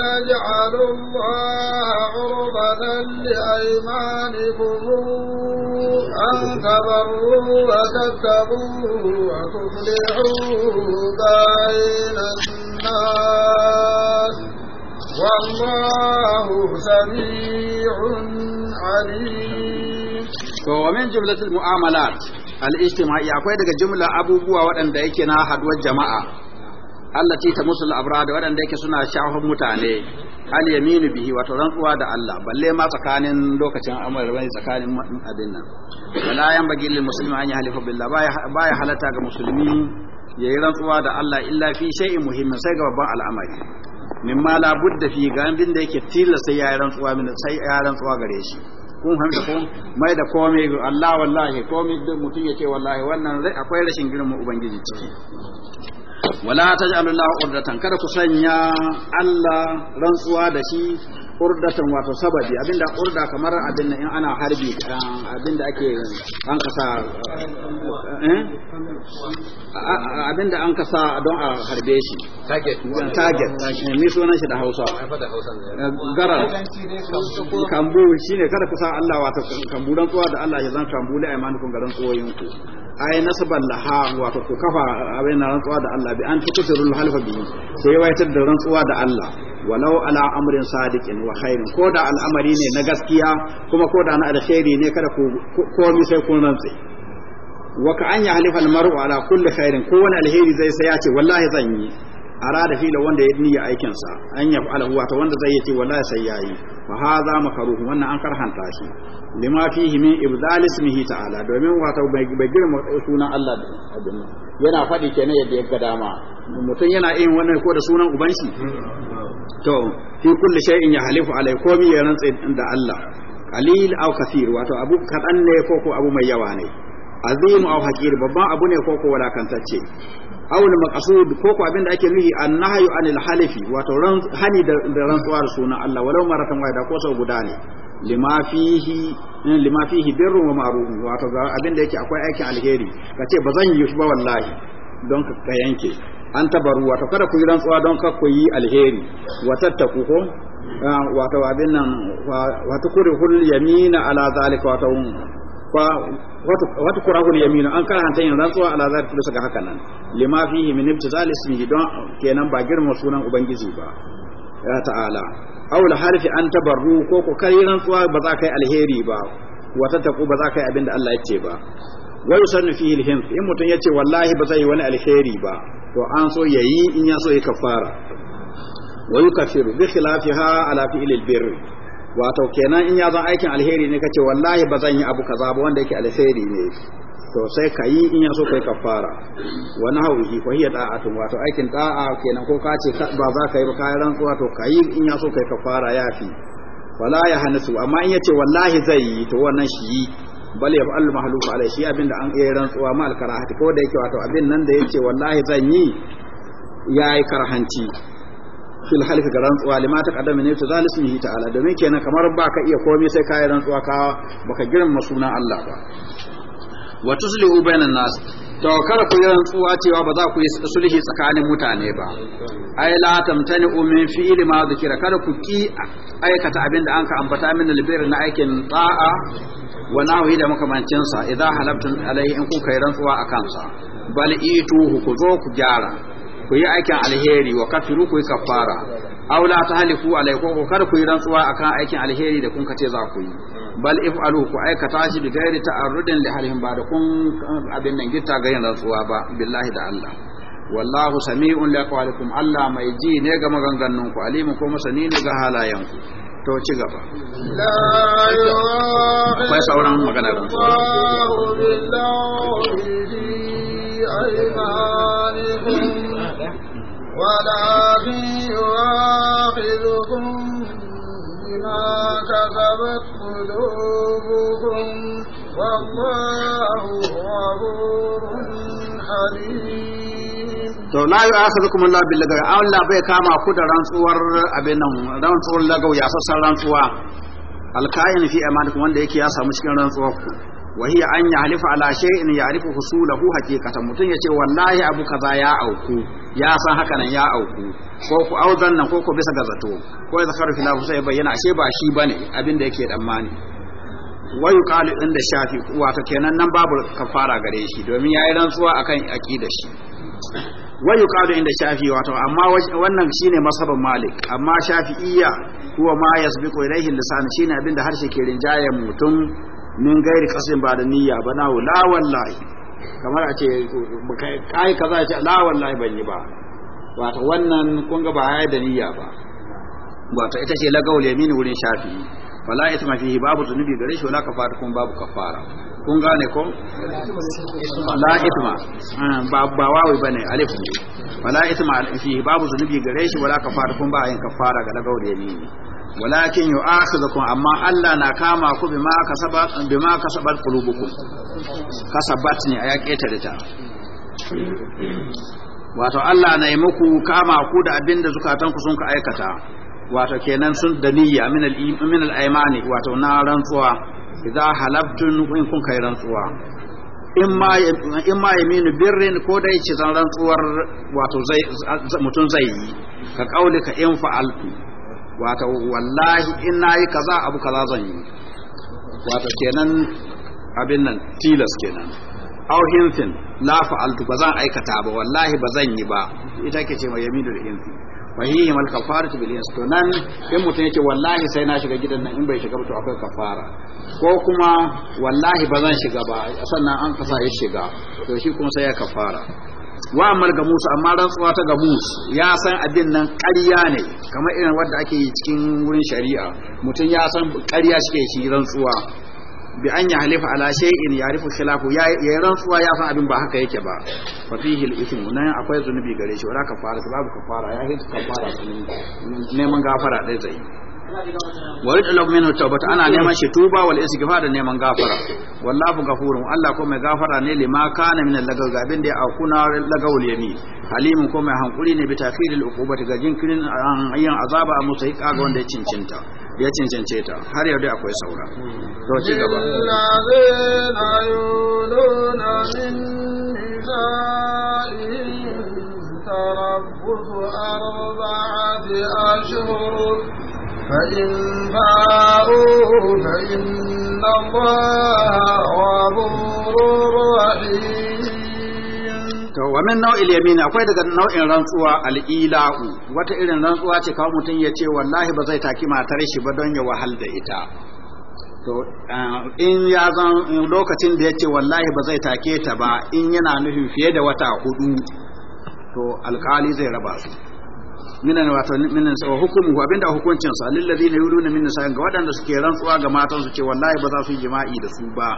taj'alu Allah urbatan li aymanikum an tabarru wa tattabu wa tuflihu bainan nas والله سميع عليم to min jumlatul mu'amalat al-ijtima'iyya akwai daga jumla abubuwa waɗanda yake na haduwar jama'a allati ta musul abrad wadanda yake suna shahun mutane al yaminu bihi wato rantsuwa da Allah balle ma tsakanin lokacin amal wani tsakanin abin nan wala yan bagi lil muslimi an yahlifu billah baya halata ga musulmi yayi rantsuwa da Allah illa fi shay'in muhimmin sai ga babban al'amari mimma la budda fi ga abin da yake tilla sai yayi rantsuwa min sai yayi rantsuwa gare shi kun hanta kun mai da komai Allah wallahi komai duk mutum yake wallahi wannan akwai rashin girman ubangiji ciki wala ji lahu urdatan kada ku sanya Allah rantsuwa da shi urdatan wato sababi abinda urda kamar abin in ana harbi eh, abinda ake an kasa eh abinda an kasa don a harbe shi target target me eh, sunan shi da Hausa eh, garar kambu shine kada ku sa Allah wato kambu rantsuwa da Allah ya zan kambu la imanukum garan tsoyinku ai nasaban laha wato ku kafa abin rantsuwa da Allah bi an tukusirul halfa bihi ku yawaitar da rantsuwa da Allah walau ala amrin sadiqin wa khairin ko da al'amari ne na gaskiya kuma ko da na alkhairi ne kada ku komi sai ku rantsi wa ka an ya halifa al-mar'u ala kulli khairin ko wani alheri zai sai ya ce wallahi zan yi arada fi da wanda ya niyya aikin sa an ya fa'ala huwa ta wanda zai yace wallahi sai yayi fa hadha makruh wannan an karhanta shi lima fihi min ibdal ismihi ta'ala domin wato bai girma sunan Allah da yana faɗi kenan yadda ya ga dama mutum yana yin wannan ko da sunan uban shi to fi kulli shay'in ya halifu alai komi ya rantsa da Allah qalil aw kathir wato abu kadan ne ko ko abu mai yawa ne azimu aw hakir babban abu ne ko ko kantacce. awul maqsud ko ko abinda ake nufi annahyu anil halifi wato hani da rantsuwar sunan Allah walau maratan da ko sau guda ne lima fihi eh, lima fihi birrun wa ma'ruf wato ga abinda yake akwai aikin alheri kace bazan yi shi ba wallahi don ka yanke an tabaru wato kada ku yi rantsuwa don ka ku yi alheri wa tattaku ko eh, wato abin nan wato kurihul yamina ala zalika wato wata kurahul yaminu an karanta yin rantsuwa ala zalika bisa ga haka nan lima fihi min ibtizal ismihi don kenan ba girma sunan ubangiji ba ya ta'ala aw harfi an tabarru ko ko kai rantsuwa ba za kai alheri ba wata taku ba za kai abinda Allah ya ce ba wa yusannu fihi alhim in ya ce wallahi ba zai wani alheri ba to an so yayi in ya so ya kafara wa yukaffiru bi khilafiha ala ilil albirr wato kenan in ya zan aikin alheri ne kace wallahi ba zan yi abu kaza ba wanda yake alheri ne to sai ka yi in ya so kai kafara wa nahwihi fa hiya da'atun wato aikin da'a kenan ko ka ce ba za ka yi ba kai rantsuwa to ka yi in ya so kai kafara yafi wala ya hanasu amma in yace wallahi zai yi to wannan shi yi bal ya fa'al mahluf alai shi abinda an yi rantsuwa ma al karahati ko da yake wato abin nan da yace wallahi zan yi yayi karhanci fil halifi ga rantsuwa lima ta kaddama ne ta ismihi ta'ala domin kenan kamar ba ka iya komai sai ka yi rantsuwa ka baka girma sunan Allah ba wa tuslihu bainan nas to kada ku yi rantsuwa cewa ba za ku yi sulhi tsakanin mutane ba ai la tamtani min fi'li ma zikira kada ku ki aikata abin da ka ambata min albir na aikin ta'a wa nahwi da makamancin sa idza halabtum alai in ku kai rantsuwa akan sa bal ituhu ku zo ku gyara ku yi aikin alheri wa kafiru ku yi kafara aw la tahlifu alaykum ku kar ku yi rantsuwa akan aikin alheri da kun kace za ku yi bal if'alu ku aikata shi bi gairi ta'arrudin li halihim ba da kun abin nan gita ga yin rantsuwa ba billahi da Allah wallahu sami'un li aqwalikum Allah mai ji ne ga maganganun ku alimu ko masani ne ga halayen ku to ci gaba akwai sauran magana da su ولكن يؤاخذكم بما كسبت قلوبكم والله غفور حليم to la yu'akhidhukum Allah bil lagawi aw Allah bai kama ku da rantsuwar abin nan rantsuwar lagawi ya sassan rantsuwa alkayin fi amanikum wanda yake ya samu cikin rantsuwar ku Wai an ya halifa ala shay'in ya arifu husulahu haqiqatan mutun yace wallahi abu kaza ya auku ya san haka nan ya auku ko ku auzan nan ko ku bisa ga zato ko ya zakaru fi lafu sai bayyana ashe ba shi bane abin da yake tsammani wa yuqalu inda shafi wato kenan nan babu kafara gare shi domin yayi rantsuwa akan aqidar shi wa yuqalu inda shafi wato amma wannan shine masabin malik amma shafi'iyya huwa ma yasbiqu ilayhi lisan shine abinda harshe ke rinjayen mutum min gairi kasin ba da niyya ba na la wallahi kamar a ce kai kaza ce la wallahi ban yi ba wato wannan kun ga ba ya da niyya ba wato ita ce lagawul yamin wurin shafi wala isma fihi babu zunubi gare shi wala kafara kun babu kafara kun gane ko la isma hmm, ba ba wawi bane alif ne wala isma fihi babu zunubi gare shi wala kafara kun ba yin kafara ga lagawul yamin walakin yu'akhidhukum amma Allah na kama ku bima kasabat bima kasabat qulubukum kasabat ne aya da ta wato Allah na yi muku kama ku da abinda zukatan ku sun ka aikata wato kenan sun da niyya min al min al aymani wato na rantsuwa idza halaftun in kun kai rantsuwa in ma yaminu birrin ko dai yace zan rantsuwar wato mutum zai yi ka kaulika in fa'altu wato wallahi in yi kaza abu kaza zan yi wato kenan abin nan tilas kenan au hintin la fa'altu ba zan aikata ba wallahi ba zan yi ba ita ke ce mai yaminul da fa hiya mal kafaratu bil hins to nan in mutum yake wallahi sai na shiga gidan nan in bai shiga ba to akwai kafara ko kuma wallahi ba zan shiga ba sannan an kasa ya shiga to shi kuma sai ya kafara wa amal gamus amma rantsuwa ta gamus ya san abin nan ƙarya ne kamar irin wanda ake yi cikin wurin shari'a mutum ya san ƙarya shike shi rantsuwa bi an ya halifa ala shay'in ya rifu khilafu ya ya rantsuwa ya san abin ba haka yake ba fa fihi al-ithm nan akwai zunubi gare shi wala kafara babu kafara ya hita kafara neman gafara dai zai wa yudda lahu minhu ana neman shi tuba wal istighfar da neman gafara wallahu ghafurun Allah ko mai gafara ne lima kana min lagaw ga abin da ya aukuna lagaw yami halimun ko mai hankuri ne bi takhiril uqubati ga jinkirin ayyan azaba a musaika ga wanda ya cincinta ya cincince ta har yau dai akwai saura to ci gaba تربص فإن فعلوا فإن الله غفور رحيم to wa min akwai daga nau'in rantsuwa al'ila'u wata irin rantsuwa ce kawai mutum ya ce wallahi ba zai taki matar shi ba don ya wahal da ita to eh, in ya zan lokacin da ya ce wallahi ba zai take ta ba in yana nufin fiye da wata hudu to alkali zai raba su minan wato minan sa hukumu abinda hukuncin sa lil ladina yuluna min nisa'in ga wadanda suke rantsuwa ga matan su ce wallahi ba za su yi jima'i da su ba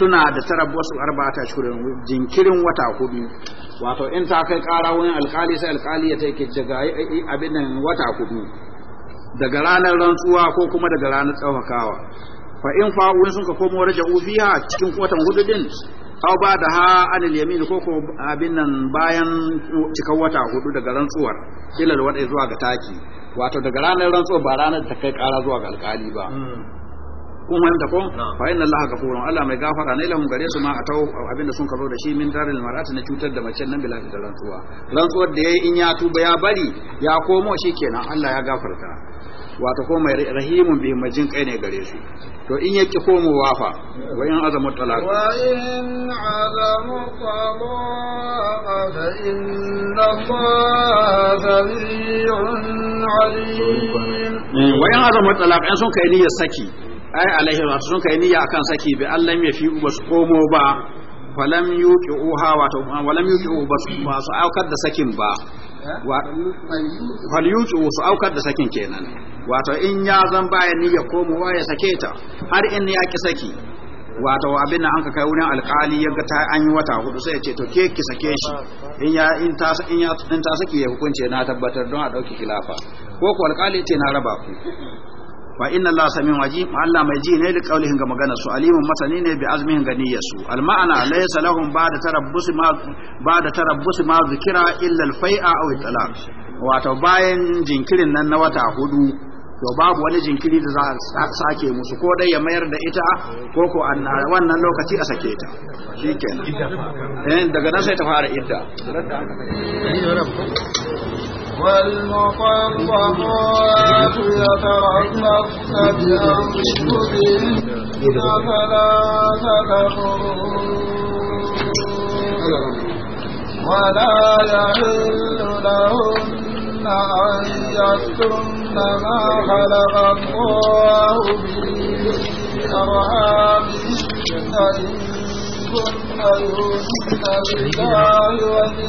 suna da tarabbasu arba'ata shurin jinkirin wata hudu wato in ta kai ƙara wurin alkali sai alkali ya take daga eh, eh, eh, abin wata hudu daga ranar rantsuwa ko kuma daga ranar tsawakawa fa in fa'un sun ka komo raja'u fiha cikin watan hudu din aw ba da ha alil yamin ko ko abin nan bayan cikan wata hudu daga rantsuwar ilal wadai zuwa ga taki wato daga ranar rantsuwar ba ranar ta kai kara zuwa ga alkali ba kun fahimta ko fa inna allaha ghafurun allah mai gafara ne lamun gare su ma atau abin da sun kazo da shi min daril mar'ati na cutar da mace nan bila da rantsuwa rantsuwar da yayi in ya tuba ya bari ya komo shikenan allah ya gafarta wato ko mai rahimun bihim majin kai ne gare su to in yake ko mu wafa wa in azamu talaq wa in azamu talaq fa inna allaha alim wa in azamu talaq in sun kai niyyar saki ai alaihi wa sun kai niyya akan saki bi Allah ya fi ba su komo ba falam yuqi'uha wato walam yuqi'u ba su aukar da sakin ba hal eh? wasu aukar da sakin kenan wato in ya zan baya niyya komowa ya sake ta har in ya ki saki wato abin an ka kai wurin alkali ya ga ta an yi wata hudu sai ya ce to ke ki sake shi in ya in ta saki ya hukunce na tabbatar don a ɗauki kilafa ko ko alkali ce na raba ku fa inna Allah samin waji Allah mai ji ne da kaulihin ga magana su alimun masani ne bi azmihin ga niyyarsu al ma'ana laysa lahum ba'da tarabbus ma ba'da tarabbus ma zikira illa al fai'a aw talaq wato bayan jinkirin nan na wata hudu to babu wani jinkiri da za a sake musu ko dai ya mayar da ita ko ko an wannan lokaci a sake ta shikenan eh daga nan sai ta fara idda والمطلقات يتربصن بأنفسهن ثلاثة قرون ولا يحل لهن أن يكتمن ما خلق الله في أرحامهن وبعولهن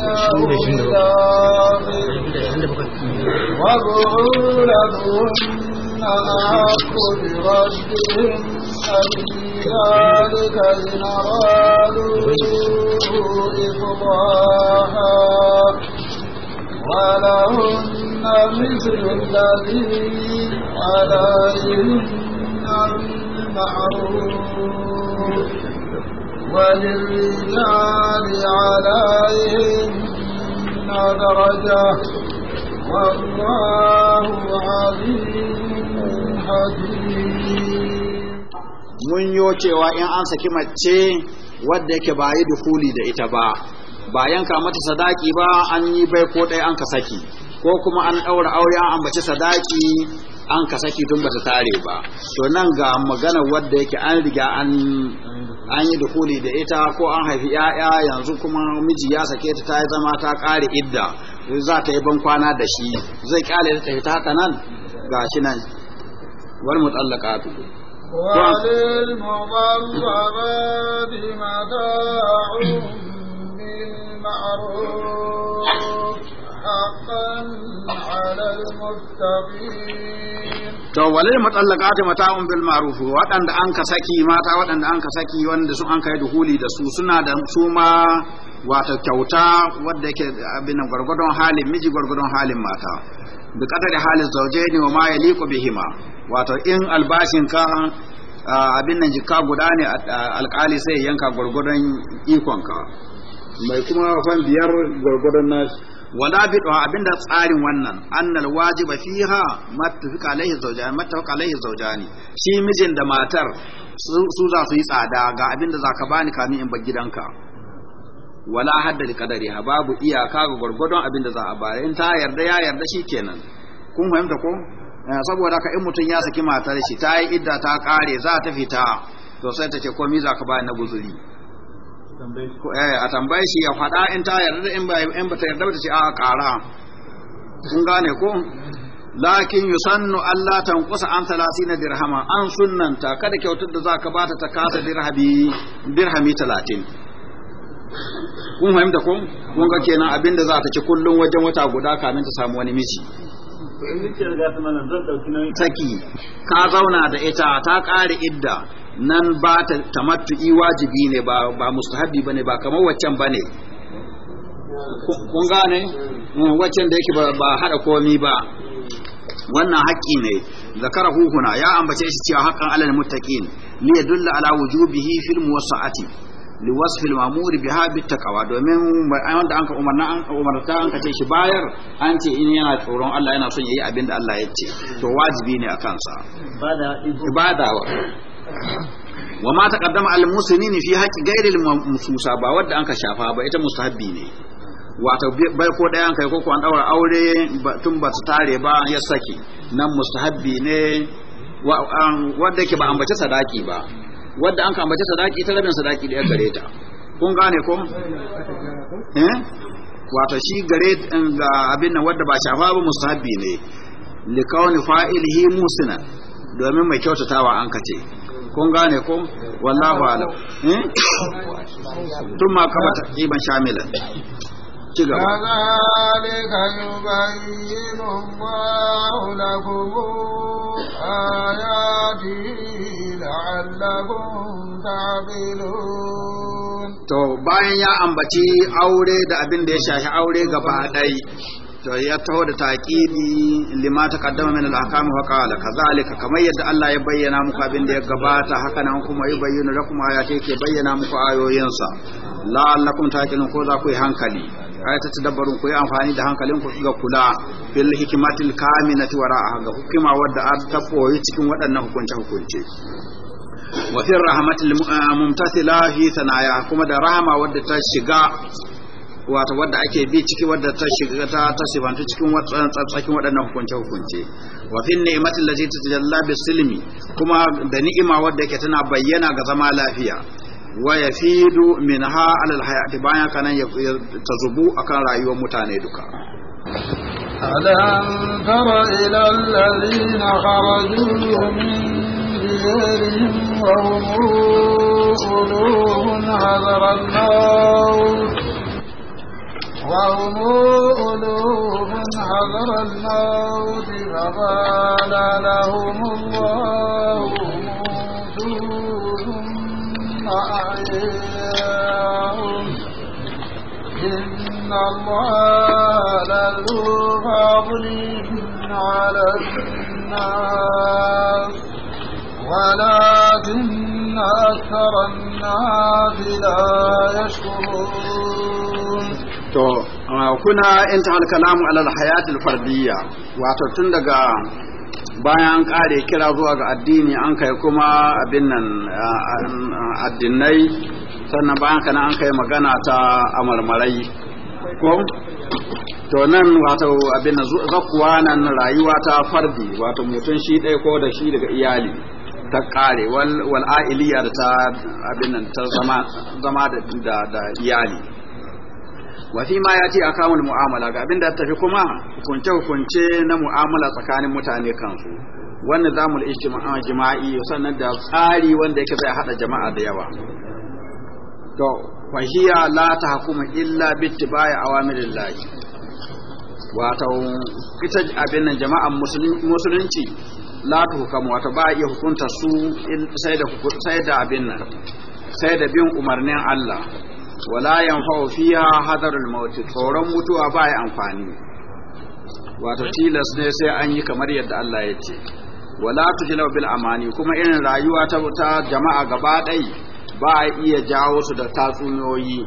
أحق بردهن في ذلك إن أرادوا إفضاحا ولهن مثل الذي عليهن بالمعروف وللرجال عليهن درجة والله عليم حكيم mun yo cewa in an saki mace wadda yake ba yi dukuli da ita ba ba yanka mata sadaki ba an yi bai ko ɗaya an ka saki ko kuma an ɗaura aure an ambaci sadaki an ka saki tun ba ta tare ba to nan ga magana wadda yake an riga an an yi dukuli da ita ko an haifi ‘ya'ya yanzu kuma miji ya sake ta ta yi zama ta ƙare idda za ta yi ban kwana da shi zai ƙyale ta tafi ta nan ga shi nan wal mutallaka tu walil mata mata'un bil ma'ruf to walil matallaqati mata'un bil ma'ruf waɗanda an ka saki mata waɗanda an ka saki wanda su an kai duhuli da su suna da su ma wata kyauta wadda yake abin gargadon halin miji gargadon halin mata bi qadari halin zawjaini wa ma yaliqu bihima wato in albashin ka abin nan jikka guda ne alƙali sai yanka ikon ikonka mai kuma fan biyar gargadon nashi wala bid'a abinda tsarin wannan annal wajiba fiha mattafaq alaihi zawjani mattafaq alaihi zawjani shi mijin da matar su za su yi tsada ga abinda zaka bani kamin in bar gidanka wala hadda li qadariha babu iyaka ga gurgurdon abinda za a bayar in ta yarda ya yarda shikenan kun fahimta ko eh, saboda ka in mutun ya saki matar shi ta yi idda ta kare za ta fita to sai ta ce komai zaka bani na guzuri Eh, a tambaye shi ya faɗa in ta yarda da in ba ta yarda ba ta ce a ƙara kun gane ko lakin yusannu Allah tanqusa an 30 dirhama an sunnanta kada kyautar da zaka bata ta kasa dirhami dirhami 30 kun fahimta ko kun ga kenan abinda za ta ci kullun wajen wata guda kamin ta samu wani miji saki ka zauna da ita ta ƙare idda nan ba ta tamattu'i wajibi ne ba ba ne bane ba kamar waccan bane kun gane mm, waccan da yake ba hada komi ba wannan haƙƙi ne zakara hukuna ya ambace shi cewa haƙƙan alal muttaqin li yadulla ala wujubihi fil muwassa'ati li wasfi al ma'mur biha bit taqwa domin wanda anka umarna an umarta an ce shi bayar an ce in yana tsoron Allah yana son yayi abinda Allah ya ce to wajibi ne akan sa ibada ibada Wama ta taqaddama al ni fi haki ghairi mususa ba wadda an ka shafa ba ita mustahabbi ne wato bai ko daya an kai ko an ɗaura aure tun ba su tare ba ya saki nan mustahabbi ne wadda ke ba ambace sadaki ba wadda an ka ambace sadaki ta rabin sadaki da ya gare ta kun gane ko eh wato shi gare ga abin nan wadda ba shafa ba mustahabbi ne kauni fa'ilihi musina domin mai kyautatawa an kace kun gane ko wallahu alam hmm? tumma kama taqiban shamilan ci gaba kadhalika to bayan ya ambaci aure da abin da ya shafi aure gaba ɗaya to ya taho da taqidi lima taqaddama min al-ahkam wa qala kadhalika kamar yadda Allah ya bayyana muku abin da ya gabata haka nan kuma ya bayyana lakum ayati ke bayyana muku ayoyinsa annakum taqilun ko za ku yi hankali ay ta tadabbarun ku yi amfani da hankalin ku ga kula bil hikmatil kaminati ra'a ga hukuma wadda an taboyi cikin waɗannan hukunce hukunce wa fi rahmatil mumtasila fi sanaya kuma da rahama wadda ta shiga wata wadda ake bi ciki wadda ta shiga ta ta sibantu cikin tsakin waɗannan hukunce hukunce wa fi ni'mati allati tajalla silmi kuma da ni'ima wadda yake tana bayyana ga zama lafiya wa yafidu minha ala alhayati bayan kana ya tazubu akan rayuwar mutane duka ألم تر إلى الذين خرجوا من ديارهم وهم ألوه حذر وهم ألوف حذر الموت فقال لهم الله موتوا أعياهم إن الله لذو فضل على الناس ولكن أكثر الناس لا يشكرون to kuna inta kalamu ala hayatil fardiyya wato tun daga bayan kare kira zuwa ga addini an kai kuma abin nan addinai sannan bayan kana an kai magana ta amarmarai ko to nan wato abin nan zakuwa nan rayuwa ta fardi wato mutum shi dai ko da shi daga iyali ta kare wal a'iliyar ta abin nan ta zama da iyali wafi ma ya ce a kamul mu'amala ga abinda ta tafi kuma hukunce-hukunce na mu'amala tsakanin mutane kansu wannan zamul jima'i sannan da tsari wanda yake zai hada jama'a da yawa to wahiya la ta hukuma illa bittibai awamirillahi wato ita abin nan jama'an musulunci la ta hukuma wato ba iya hukunta su sai da abin nan sai da bin umarnin Allah wala yanfa'u fiha hadarul maut tsoron mutuwa ba ya amfani wato tilas ne sai an yi kamar yadda Allah ya ce wala tujlau bil amani kuma irin rayuwa ta ta jama'a gaba ɗai ba a iya jawo su da tatsuniyoyi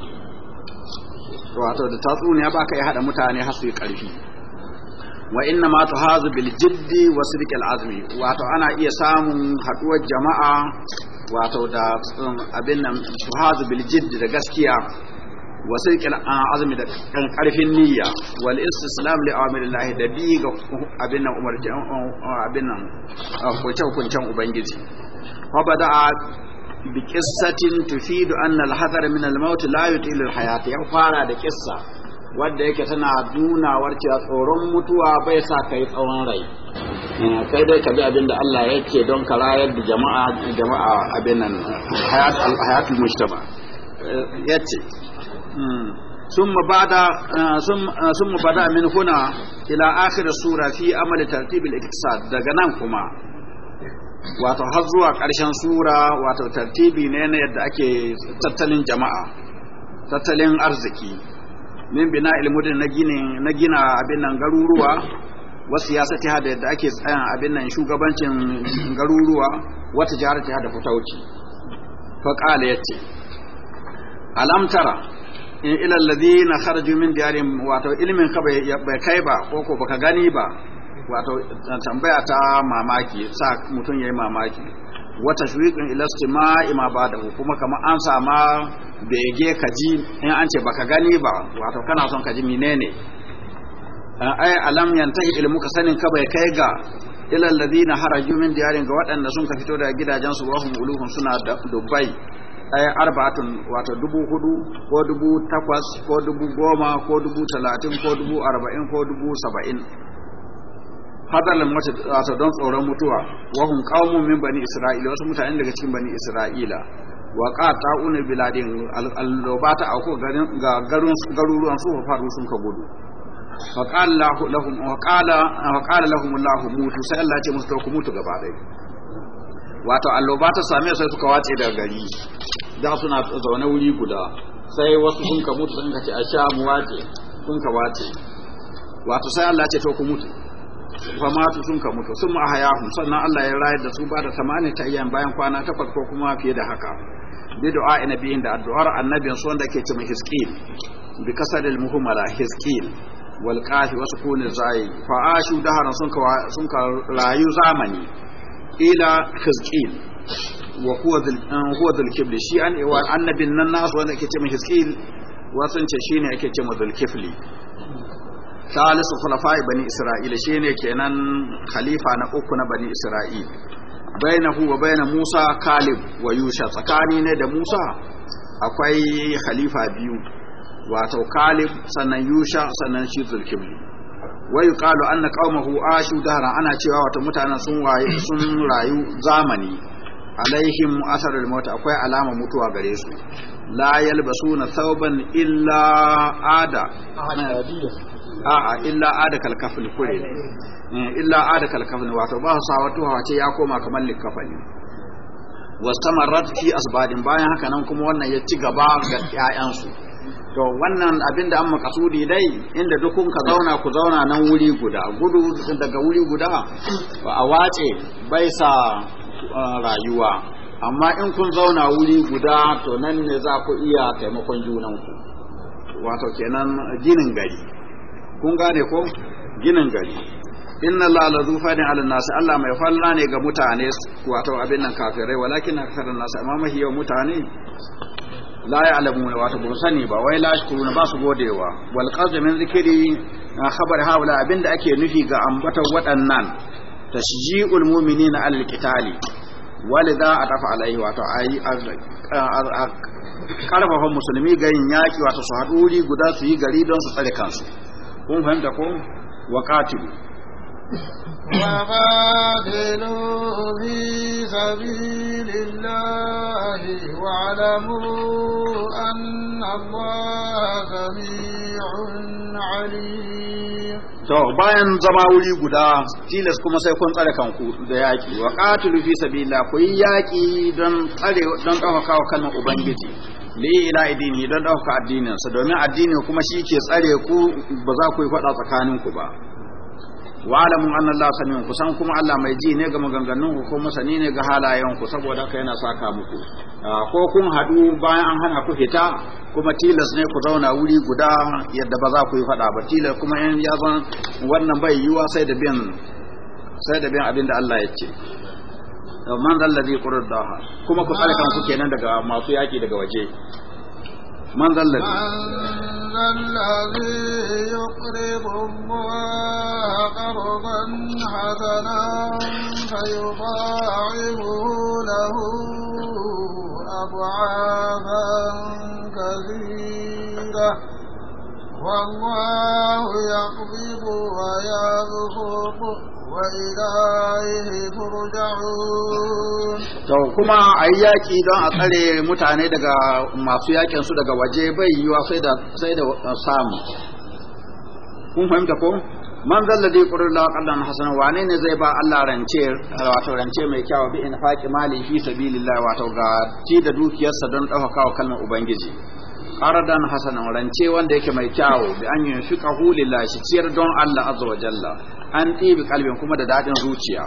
wato da tatsuniya ba ka yi haɗa mutane har su yi ƙarfi wa inna ma tuhazu bil jiddi wa sidqil azmi wato ana iya samun haduwar jama'a wato da um, abin nan tuhazu bil jiddi da gaskiya wa sidqil ah, azmi da kan karfin niyya wal istislam li amrillah da bi ga abin nan umarci um, um, abin nan ah, hukunce hukuncin ubangiji fa bada bi qissatin tufidu anna al hadar min al maut la yutilu al hayat ya fara da qissa wadda yake tana dunawar cewa tsoron mutuwa bai sa kai tsawon rai eh, kai dai ka bi abin da Allah yake don ka rayar da jama'a jama'a abin nan hayatu mujtama eh, yace ثم بعد ثم بدا من هنا الى اخر السوره في عمل ترتيب الاقتصاد daga nan kuma wato har zuwa ƙarshen sura wato tartibi ne na yadda ake tattalin jama'a tattalin arziki min bina ilmudin na ginin na gina abin nan garuruwa wa siyasati hada da ake tsayan abin nan shugabancin garuruwa wa tijarati hada fitauci fa qala yace alam tara in ila alladhina kharaju min diyarihim to ilmin ka bai kai ba ko ko baka gani ba wato tambaya ta mamaki sa mutun yayi mamaki wa tashwiqin ila istima'i ma ba'dahu kuma kamar an sama bege kaji in an ce baka gani ba wato kana son kaji menene eh, ai alam yantahi ka sanin ka bai kai ga ila alladhina haraju min diyarin ga waɗanda sun ka fito daga gidajen su wahum uluhum suna da dubai ai arba'atun wato dubu hudu ko dubu takwas ko dubu goma ko dubu talatin ko dubu arba'in ko dubu saba'in hadalan mace don tsoron mutuwa wa hun qaumun min bani isra'ila wasu mutane daga cikin bani isra'ila wa qata'una biladin al-lobata ako garin ga garun garuruwan su faru sun ka gudu fa qala lahum wa qala wa qala lahum Allah mutu sai Allah ce musu ku mutu gaba ɗaya wato allobata same sai suka wace daga gari da suna zaune wuri guda sai wasu sun ka mutu sun ka ce a sha mu wace sun ka wace wato sai Allah ce to ku mutu fa matu sun ka mutu sun ahyahum sannan Allah ya rayar da su ba da tamani ta iyan bayan kwana takwas ko kuma fiye da haka bi du'a nabiyin da addu'ar annabin su wanda ke cewa hiskil bi kasaril muhammala hiskil wal qafi wa sukun zai fa ashu dahara sun ka sun ka rayu zamani ila hiskil wa huwa dhil eh, huwa dhil kibli shi an annabin nan nasu wanda ke cewa hisqil wasan ce shine ake cewa dhil kifli salisu khulafa'i bani isra'ila shine kenan khalifa na uku na bani isra'ila bainahu wa baina musa kalib wa yusha tsakani ne da musa akwai khalifa biyu wato kalib sannan yusha sannan shi zulkifli wa yuqalu anna qaumahu ashu dara ana cewa wato mutanen sun waye sun rayu zamani alaihim asarul maut akwai alama mutuwa gare su la yalbasuna thawban illa ada a'a illa ada kalkafin kure mm, illa ada kalkafin wato ba su sawa ha ce ya koma kamar likafani wastamarat fi asbadin bayan haka nan kuma wannan ya ci gaba ga 'ya'yansu to wannan abin da an makasudi dai inda duk kun ka zauna ku zauna nan wuri guda gudu daga wuri guda a wace bai sa uh, rayuwa amma in kun zauna wuri guda to nan ne za ku iya taimakon junanku wato kenan ginin gari kun gane ko ginin gari inna la la zufani ala nasi Allah mai falla ne ga mutane wato abin nan kafirai walakin aksarun nasi amma mahi yawan mutane la ya alamu ne wato ba sani ba wai la shukuru ba su godewa wal qadr min zikri ah, khabar haula abinda ake nufi ga ambatan waɗannan na mu'minina alal qitali walidha atafa alaihi wato ayi karfafa musulmi ga yin yaki wato su haɗuri guda su yi gari don su tsare kansu kun fahimta ko wa qatilu وقاتلوا في سبيل الله واعلموا أن الله سميع عليم to bayan zama wuri guda tilas kuma sai kun tsare kanku da yaƙi wa qatilu fi sabilillah ku yi yaƙi don tsare don kawo kalmar ubangiji li ila idini don ɗauka addininsa domin addini kuma shi ke tsare ku ba za ku yi faɗa ku ba wa alamun an Allah sanin ku san kuma Allah mai ji ne ga maganganun ku ko ne ga halayen ku saboda haka yana saka muku ah, ko kun haɗu bayan an hana ku fita kuma tilas ne ku zauna wuri guda yadda ba za ku yi faɗa ba tilas kuma in ya zan wannan bai yiwa sai da bin sai da bin abin da Allah ya ce man zal ladhi qurdaha kuma ku tsare kanku kenan daga masu yaki daga waje man zal ladhi man ladhi والله يقبض ويبسط to kuma a yi yaƙi don a tsare mutane daga masu yaƙin su daga waje bai yiwa sai da sai da samu kun fahimta ko man zalladi qurra qallan Hassan wane ne zai ba Allah rance wato rance mai kyau bi in faqi mali fi sabilillah wato ga ci da dukiyarsa don dauka kalmar ubangiji qardan hasanan rance wanda yake mai kyawu bi an yunfiqahu lillahi hulillahi ciyar don Allah azza wa jalla an tibi kalbin kuma da dadin zuciya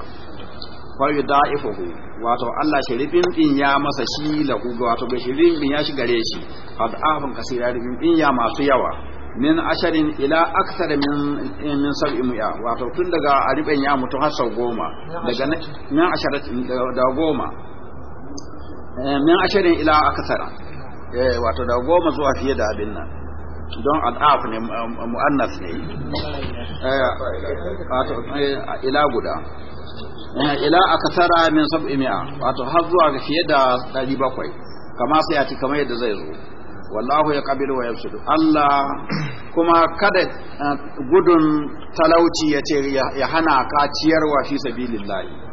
fa yudaifuhu wato Allah shirifin din ya masa shi lahu wato ga shirifin din ya shi gare shi adafan kasira din ya masu yawa min asharin ila aktsara min eh, min sab'i mu'a wato tun daga ariban ya mutu har sau goma daga min asharat da goma eh, min asharin ila aktsara Eh, wato da goma zuwa fiye da abin nan don al'af ne mu'annas ne eh, wato eh, ila guda ila tara min sab'i mi'a wato har zuwa ga fiye da bakwai, kama sai a ci kamar yadda zai zo wallahu ya kabilu wa yabsudu Allah kuma kada gudun talauci ya ce ya hana ka ciyarwa fi sabilillahi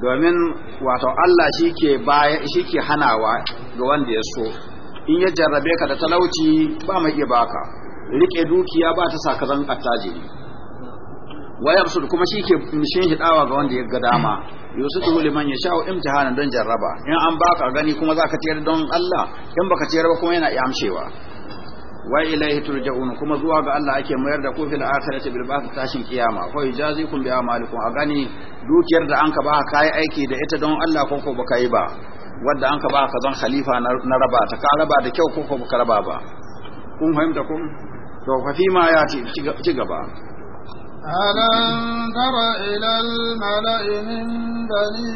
domin wato Allah shi ke baya hanawa ga wanda ya so in ya jarrabe ka da talauci ba mai iya baka rike dukiya ba ta saka zan attajiri wayar su kuma shi ke mishin hidawa ga wanda ya ga dama yusuf liman ya sha'u imtihanan don jarraba in an baka gani kuma zaka tiyar don Allah in baka tiyar ba kuma yana iya amshewa wa ilaihi turja'un kuma zuwa ga Allah ake mayar da kofin akhirati bil ba'th tashin kiyama fa yajazikum bi amalikum a dukiyar da anka ba ka yi aiki da ita don Allah ko ko baka yi ba wanda anka ba ka zan khalifa na raba ta ka raba da kyau ko ko baka raba ba kun fahimta kun to fa fi ma ya ci gaba ألم تر إلى الملأ من bani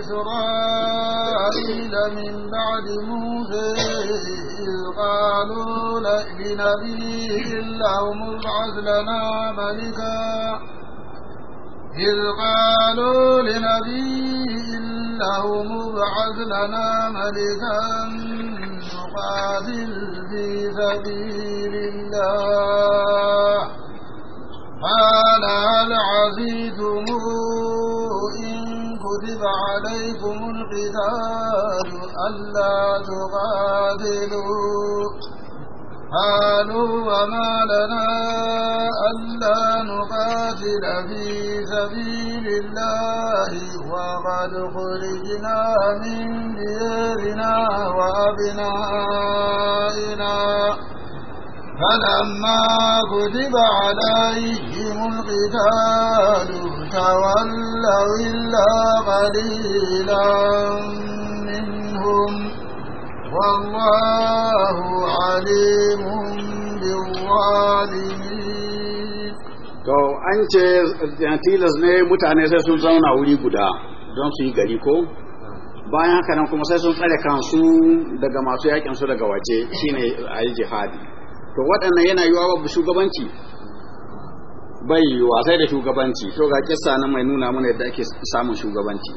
isra'ila min بعد موسى قالوا لنبي لهم ابعث لنا ملكا إذ قالوا لنبي لهم ابعث لنا ملكا نقاتل في سبيل الله قال هل عزيتموه كتب عليكم القتال ألا تقاتلوا قالوا وما لنا ألا نقاتل في سبيل الله وقد خرجنا من ديارنا وأبنائنا فلما كتب عليهم القتال تولوا إلا قليلا منهم والله عليم بالظالمين to an ce tilas ne mutane sai sun zauna wuri guda don su yi gari ko bayan haka kuma sai sun tsare kansu daga masu yakin su daga waje shine ayi jihadi to waɗannan yana wa babu shugabanci bai wa sai da shugabanci to ga kissa na mai nuna mana yadda ake samun shugabanci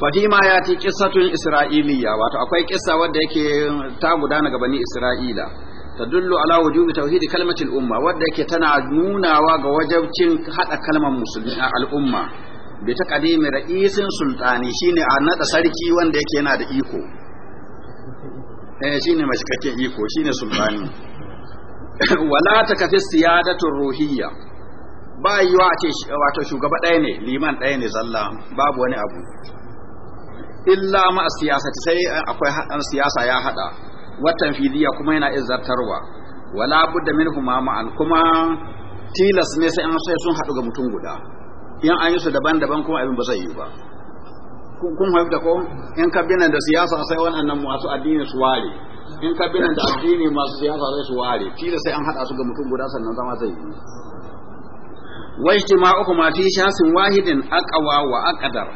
fatima ya ti kissatun isra'iliya wato akwai kissa wadda yake ta gudana ga bani isra'ila tadullu ala wujubi tauhidi kalmatil umma wadda yake tana nunawa ga wajabcin haɗa kalmar musulmi a al'umma bi taqdimi ra'isin sultani shine a nada sarki wanda yake yana da iko Eh, shine mai cikakken iko shine sultani [LAUGHS] wala ta kafi ruhiyya ba yiwa ce wato shugaba ɗaya ne liman ɗaya ne zalla babu wani abu illa ma siyasa sai akwai hadan siyasa ya haɗa watan fidiya kuma yana izzartarwa wala budda min ma ma'an kuma tilas ne sai an sai sun hadu ga mutum guda in an yi su daban-daban kuma abin ba zai yi ba kun fahimta ko in ka bina da siyasa sai nan masu addini su ware in ka bina da addini masu siyasa sai su ware kila sai an haɗa su ga mutum guda sannan zama zai yi wa kuma fi shasin wahidin aqwa wa aqdar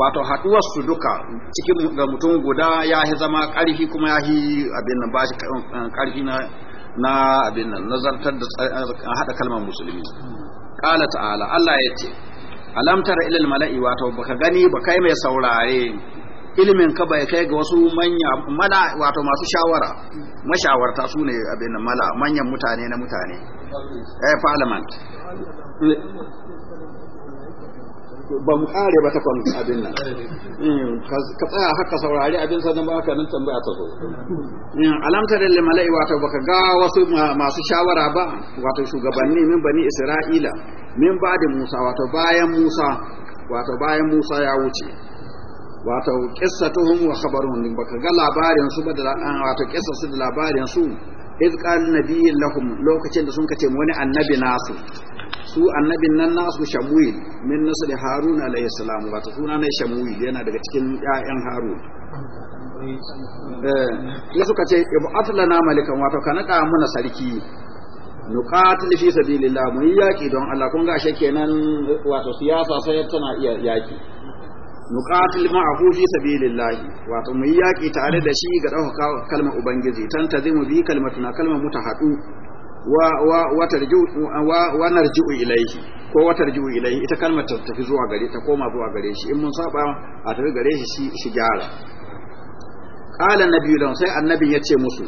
wato haduwar su duka cikin ga mutum guda ya yi zama karfi kuma ya yi abin nan ba shi karfi eh, na na abin nan nazartar da eh, hada kalmar musulmi qala ta'ala Allah ya ce alamtar ilal mala'i wato baka gani ba kai mai saurare ilimin ka bai kai ga wasu manya mala wato masu shawara mashawarta su ne abin mala manyan mutane na mutane eh parliament ba mu kare ba ta kwan abin nan mm, ka tsaya haka saurari abin sannan ba ka nan tambaya ta zo mm, Alamta da mala'i wato baka ga wasu masu shawara ba wato shugabanni min bani isra'ila min ba da musa wato bayan musa wato bayan musa ya wuce wato qissatuhum wa khabaruhum baka ga labarin su ba da ah, wato su da labarin su iz qala nabiyyin lahum lokacin da sun kace wani annabi nasu su annabin nan nasu shamuil min nasli harun alayhi salam wato suna ne shamuil yana daga cikin ƴaƴan harun eh suka ce ib'ath lana malikan wato ka nada muna sarki nuqatil fi sabilillah mu yaki don Allah kun ga ashe kenan wato siyasa sai tana iya yaki nuqatil ma'ahu fi sabilillah wato mu yaki tare da shi ga dauka kalmar ubangiji tantazimu bi kalmatuna kalmar mutahadu wa narji'u ilaihi ko wa tarji'u ilaihi ita kalmar ta tafi zuwa gare ta koma zuwa gare shi in mun saba a tafi gare shi shi gyara qala nabiyyu lahum sai annabi ya ce musu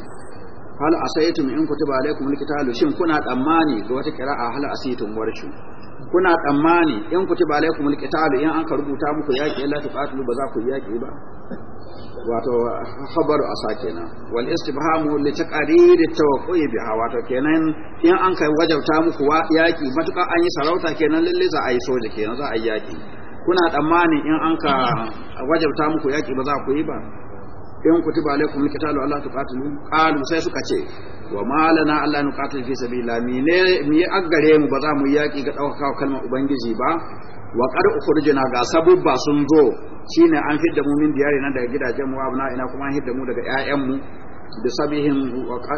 hal asaitum in kutiba alaikum alqitalu shin kuna tsammani ga wata qira'a hal asaitum warshu kuna tsammani in kutiba alaikum alqitalu in an ka rubuta muku yaki Allah ta qatilu ba za ku yaki ba wato khabaru asa kenan wal istibhamu li taqrir at-tawaqqi biha wato kenan in an kai wajabta muku yaki matuƙa an yi sarauta kenan lalle za a yi soja kenan za a yi yaki kuna tsammani in an ka wajabta muku yaki ba za ku yi ba in kutiba alaikum alqitalu allah tuqatilu qalu sai suka ce wa ma lana alla nuqatilu fi sabilillah ne mi aggare mu ba za mu yaki ga dauka kalmar ubangiji ba wa qad ukhrijna ga sabubba sun zo shine an fidda mu min diyari nan daga gidajen mu abuna ina kuma an hidda mu daga ƴaƴan mu da sabihin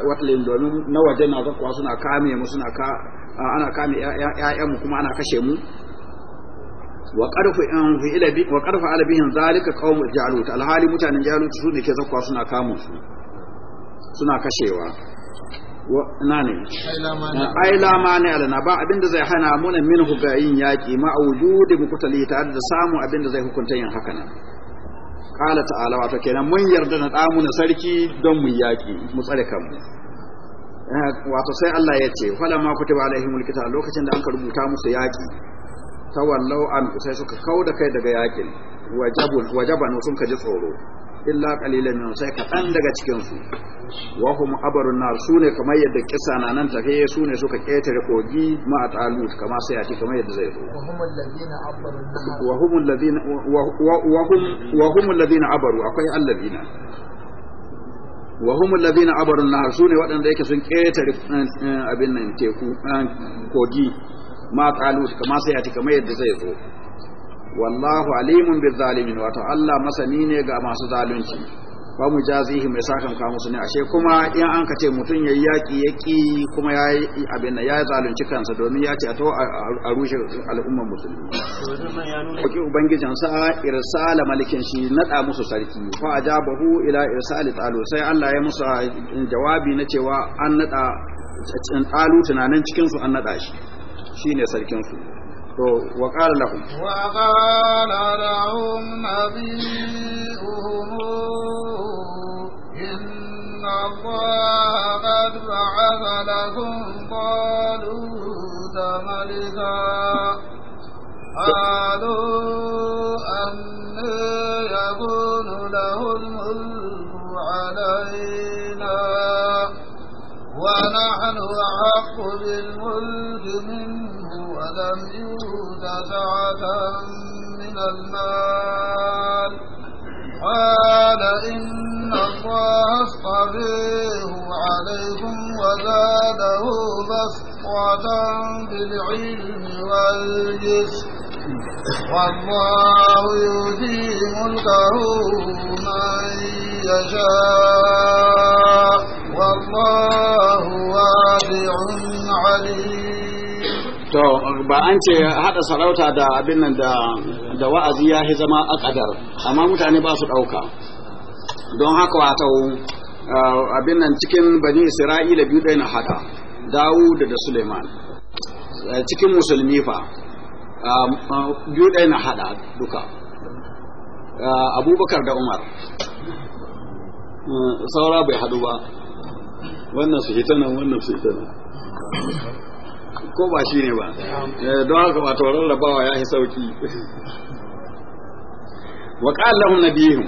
watlin domin na waje na zakwa suna kame mu suna ka ana kame ƴaƴan mu kuma ana kashe mu wa qarfu an fi ila bi wa qarfu ala bihin zalika qaum jalut alhali mutanen jalut su ne ke zakwa suna kamun su suna kashewa na ne ai lama ne alana ba abinda zai hana muna min ga yin yaki ma wujudi mukutali tare da samu abinda zai hukunta yin haka nan qala ta'ala wato kenan mun yarda na damu na sarki don mu yaki mu tsare kanmu eh, wato sai Allah ya ce fala ma kutiba alaihimul qital lokacin da an rubuta musu yaki tawallau an sai suka kauda kai daga yakin wajabun wajaban sun kaji tsoro illa qalilan min sai kaɗan daga cikin su wa hum abarun nar sune kamar yadda kisa na nan tafe sune suka ketare kogi ma talut kama sai a ci kamar yadda zai zo wa hum alladhina wa hum alladhina abaru akwai alladhina wa hum alladhina abarun nar sune wadanda yake sun ketare eh, abin nan teku eh, kogi ma talut kama sai a ci kamar yadda zai zo wallahu alimun bil zalimin wato Allah masani ne ga masu zalunci Ba mu jazihi mai sakan ka musu ne ashe kuma in an ka ce mutun yayi yaki yaki kuma yayi abin nan yayi zalunci kansa domin ya ce to a rushe al'umman musulmi ko ubangijin sa irsala malikin shi nada musu sarki fa ajabahu ila irsali talu sai Allah ya musu jawabi na cewa an nada talu tunanin cikin su an nada shi shine sarkin su to wa qala lahum wa qala lahum nabiyuhum inna allaha da ba'atha lakum taluta malika ونحن أحق بالملك منه ولم يؤت سعة من المال قال إن الله اصطفيه عليكم وزاده بسطة بالعلم والجسم والله يؤتي ملكه من يشاء والله ba an ce hada sarauta da abin nan da da wa'azi ya yi zama akadar amma mutane ba su dauka don haka wato abin nan cikin bani isra'ila biyu ɗaya na hada dawud da suleiman cikin musulmi fa biyu ɗaya na hada duka abubakar da umar saura bai hadu ba wannan su hita nan wannan su hita nan ko ba shi ne ba eh, don haka ba tauron rabawa ya yi sauki wa ƙallahun nabihim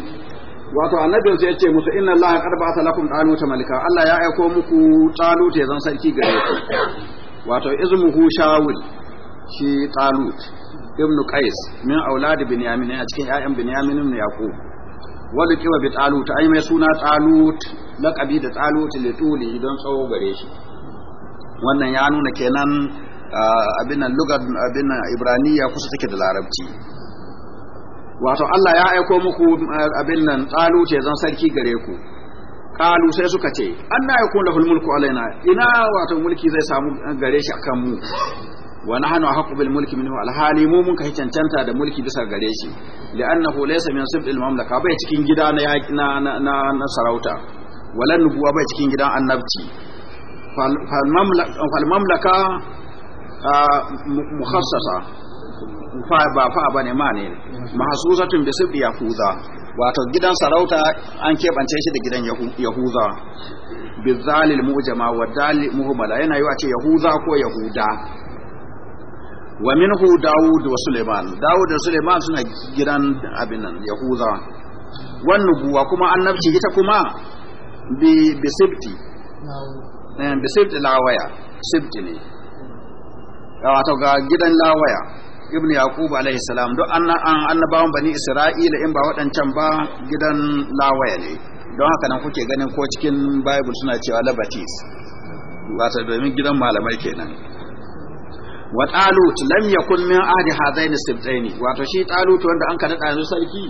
wato annabin sai ya ce musu inna allaha qad ba'atha lakum tanuta malika Allah ya aiko muku talut ya zan sarki gare ku wato izmuhu shawul shi talut ibnu qais min aulad binyamin a cikin ƴaƴan binyamin ibn yaqub wal kiba bi talut ai mai suna talut laqabi da talut tuli don tsawo gare shi wannan ya nuna kenan ah, abin nan lugar abin nan ibraniya kusa take da larabci wato Allah ya aiko muku ah, abin nan talut ce zan sarki gare ku kalu sai suka ce anna yakun lahul mulku alaina ina wato mulki zai samu ah, gare shi akan mu wa nahnu haqqu bil mulki minhu al hali mu mun kai cancanta da mulki bisa gare shi li'annahu laysa min sibt al mamlaka bai cikin gida na na na sarauta walan nubuwa bai cikin gidan annabci falmamlaka mukhassasa ba fa bane ma ne mahsusatun bi yahuza wato gidan sarauta an keɓance shi da gidan yahuza bizalil mujama wa yana yi ce yahuza ko yahuda wa minhu dawud wa suleiman dawud da Suleman suna gidan abin nan yahuza wan nubuwa kuma annabci ita kuma bi bi Eh, bi sibti lawaya sibti ne wato ga gidan lawaya ibn yaqub alaihi salam duk annabawan bani isra'ila in ba waɗancan ba gidan lawaya ne don haka nan kuke ganin ko cikin bible suna cewa labatis wato domin gidan malamai kenan wa talut lam yakun min ahli hadaini sibtaini wato shi talut wanda an kada da sarki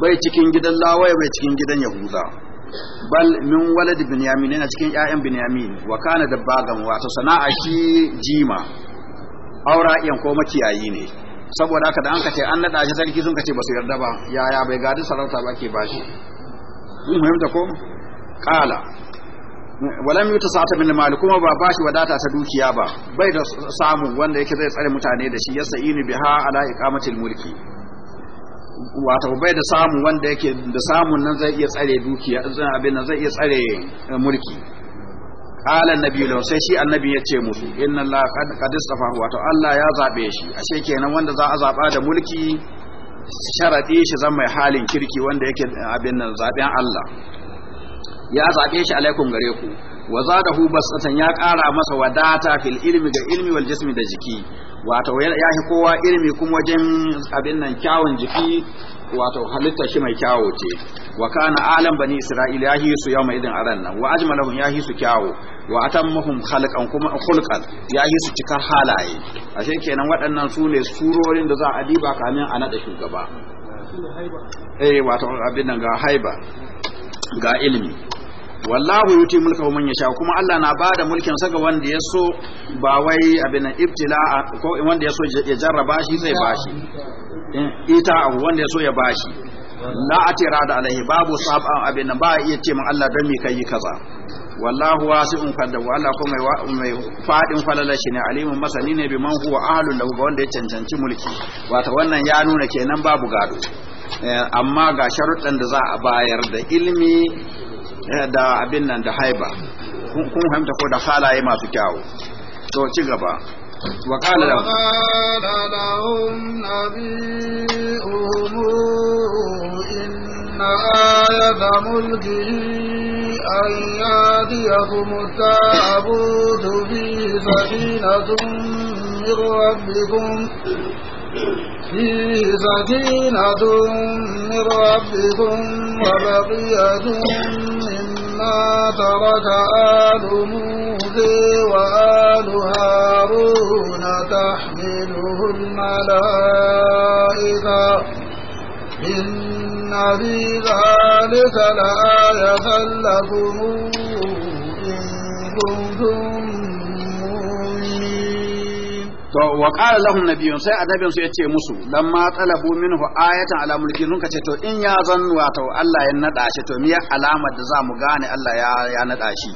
bai cikin gidan lawaya bai cikin gidan yahuza bal min walad binyamin yana cikin ƴaƴan binyamin wa kana dabbagan wato sana'a shi jima aura iyan ko maciyayi ne saboda haka da an kace an nada shi sarki sun kace ba su yarda ba yaya bai gadi sarauta ba ke bashi mun fahimta ko kala walam yuta sa'ata min mali kuma ba bashi wadata ta dukiya ba bai da samu wanda yake zai tsare mutane da shi yasa ini biha ala iqamatil mulki wato bai da samu wanda yake da samun nan zai iya tsare dukiya zan abin nan zai iya tsare eh, mulki qala annabi law sai shi annabi ya ce musu inna allaha qad qad istafa wato allah ya zabe shi ashe kenan wanda za a zaba da mulki sharadi shi zan mai halin kirki wanda yake eh, abin nan zaben allah ya zabe shi alaikum gare ku wa zadahu basatan ya ƙara masa wadata fil ilmi ga ilmi wal jismi da jiki wato ya fi kowa ilimi kuma wajen abin nan kyawun jiki wato halitta shi mai kyawo ce wa kana alam bani isra'ila yahi su yawma idin aran nan wa ajmalahum yahi su kyawo wa atammahum khalqan kuma khulqan yahi su cika halaye ashe kenan waɗannan su ne surorin da za a diba kamin a naɗa shugaba eh abin nan ga haiba ga ilimi wallahu yuti mulkahu man yasha kuma Allah na bada mulkin sa ga wanda ya so ba wai abin ibtila'a ko wanda ya so ya jarraba shi zai bashi eh, ita abu wanda ya so ya bashi la atira da alaihi babu saban abin ba iya ce min Allah dan me kai kaza wallahu wasi'un qaddahu Allah ko mai mai fadin falala shi ne alimun masani ne bi man huwa ahlu lahu ba wanda ya cancanci mulki wato wannan ya nuna kenan babu gado eh, amma ga sharuɗan da za a bayar da ilmi Eh, da abin nan da haiba kun fahimta ko da halaye masu kyawu to ci gaba wa da lahum nabiyuhum inna ayata mulkihi في سكينة من ربكم وبقية ترك آل موسى وآل هارون تحمله الملائكة إن في ذلك لآية لكم to wa qala lahum nabiyyun sai adabin su yace musu dan ma talabu minhu ayatan ala mulki sun kace to in ya zan wato Allah ya nada shi to miya alamar da za mu gane Allah ya ya nada shi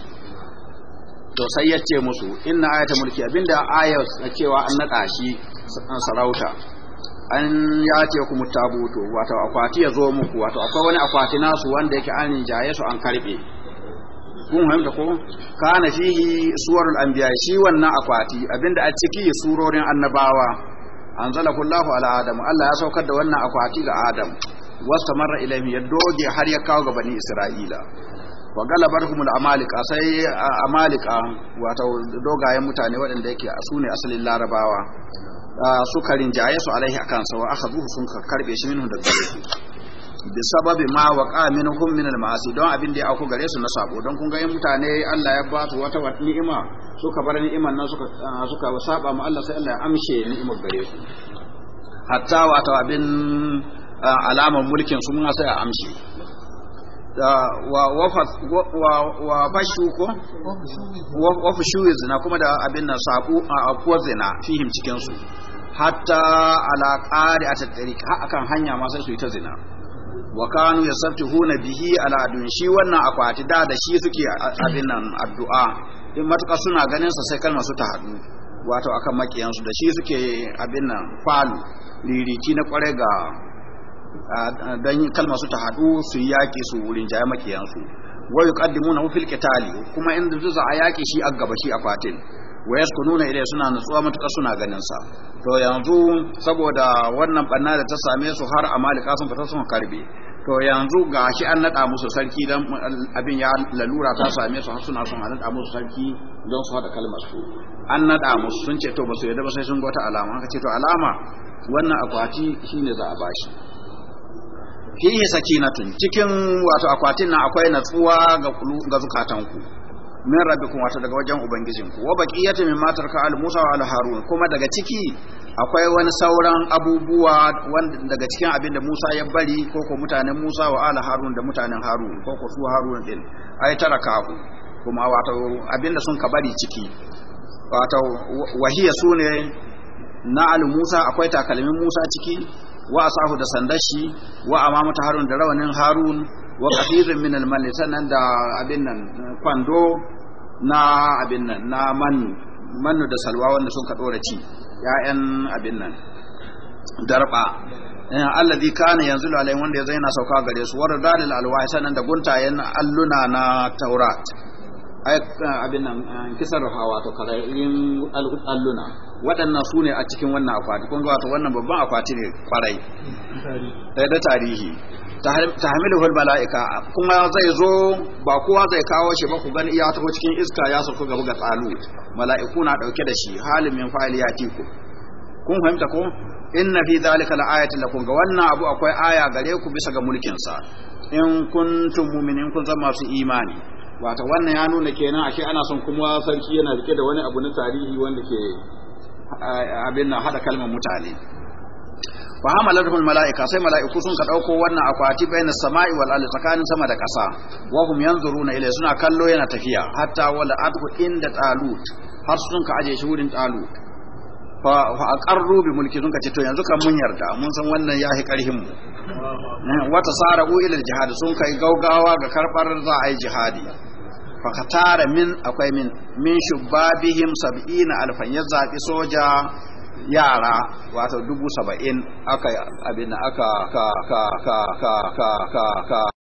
to sai yace musu inna ayata mulki abinda ayar cewa an nada shi sarauta an ya ce ku mutabuto wato akwati ya zo muku wato akwai wani akwati nasu wanda yake an jaye su an karbe kun fahimta ko kana fihi suwarul anbiya shi wannan akwati abinda a ciki surorin annabawa anzalahu Allahu ala adam Allah ya saukar da wannan akwati ga adam wastamarra ilayhi ya doge har ya kawo ga bani isra'ila wa galabarhum al-amalika sai amalika wato dogayen mutane waɗanda yake su ne asalin larabawa ah, suka rinjaye su alaihi akan sa wa akhaduhu sun karbe shi minhu da bi sababi ma waqa minhum min al-ma'asi don abin da ya auku gare su na sabo don kun ga yin mutane Allah ya ba su wata ni'ima suka bar ni'iman nan suka ah, suka saba ma Allah sai Allah ya amshe ni'imar gare su hatta wata abin ah, alamar mulkin su mun sai ya amshe wa fashu ko wa fashu zina kuma da abin nan saƙo, a kuwa zina fihim cikinsu hatta ala qari a tattari akan hanya ma sai su yi ta zina wa kanu yasaftihuna bihi ala adun shi wannan akwati da da shi suke abin nan addu'a in matuƙa suna ganin sa sai kalmar su ta hadu wato akan makiyansu da shi suke abin nan falu liriki na kware ga dan kalmar su ta hadu su yaki su wurin jaya makiyansu wa yuqaddimuna fil qitali kuma in zuza yaki shi a gaba shi akwatin ku nuna ilai suna nutsuwa matuƙa suna ganin sa to yanzu saboda wannan banna da ta same su har a amalika sun fita sun karbe to yanzu ga shi an naɗa musu sarki don abin ya lalura ta same su har suna son a naɗa musu sarki don su haɗa kalmar su an naɗa musu sun ce to ba su yadda ba sai sun gota alama aka ce to alama wannan akwati shine za a bashi fihi sakinatun cikin wato akwatin nan akwai natsuwa ga ga zukatanku min rabbikum wata daga wajen ubangijinku wa baqiyatu ma tarka al Musa wa al Harun kuma daga ciki akwai wani sauran abubuwa wanda daga cikin abin da Musa ya bari ko ko mutanen Musa wa al Harun da mutanen Harun ko ko su Harun din ai taraka ku kuma wato abin da sun ka bari ciki wato wahiya sune na al Musa akwai takalmin Musa ciki wa asahu da sandashi wa amamata Harun da rawanin Harun wa kafirin min sannan da abin nan kwando na abin nan na mannu mannu da salwa wanda sun ka dora ci ya'yan abin nan darba alladhi kana yanzu lalai wanda ya zaina sauka gare su war dalil alwahi sannan da guntayen alluna na taurat Ah, abin nan ah, kisar hawa to kararin alluna waɗannan su ne a cikin wannan akwati kun ga wato wannan babban akwati ne kwarai da eh, tarihi Ta tahmiluhu mala'ika kuma zai zo ba kowa zai kawo shi ba ku gani iya taho cikin iska ya sauka gaba ga tsalu mala'iku na ɗauke da shi halin min fa'il yatiku kun fahimta ko In na fi zalika laayatin lakum ga wannan abu akwai aya gare ku bisa ga mulkin sa in kuntum mu'minin kun zama su imani wata wannan ya nuna kenan ashe ana son kuma sarki yana rike da wani abu na tarihi wanda ke abin nan hada kalmar mutane fa hamalatul malaika sai malaiku sun ka dauko wannan akwati baina samai wal ardi tsakanin sama da kasa wa hum yanzuruna ilai suna kallo yana tafiya hatta wala adku inda talut har sun ka aje shi wurin talut fa aqarru bi mulki sun ka ce to yanzu kan mun yarda mun san wannan ya hi karhin mu wata sara'u ila jihad sun kai gaugawa ga karbar za a yi jihadi fakatara min akwai min min shubabihim sab'ina alfan ya zaɓi soja yara wato dubu saba'in aka abin aka ka ka ka ka ka ka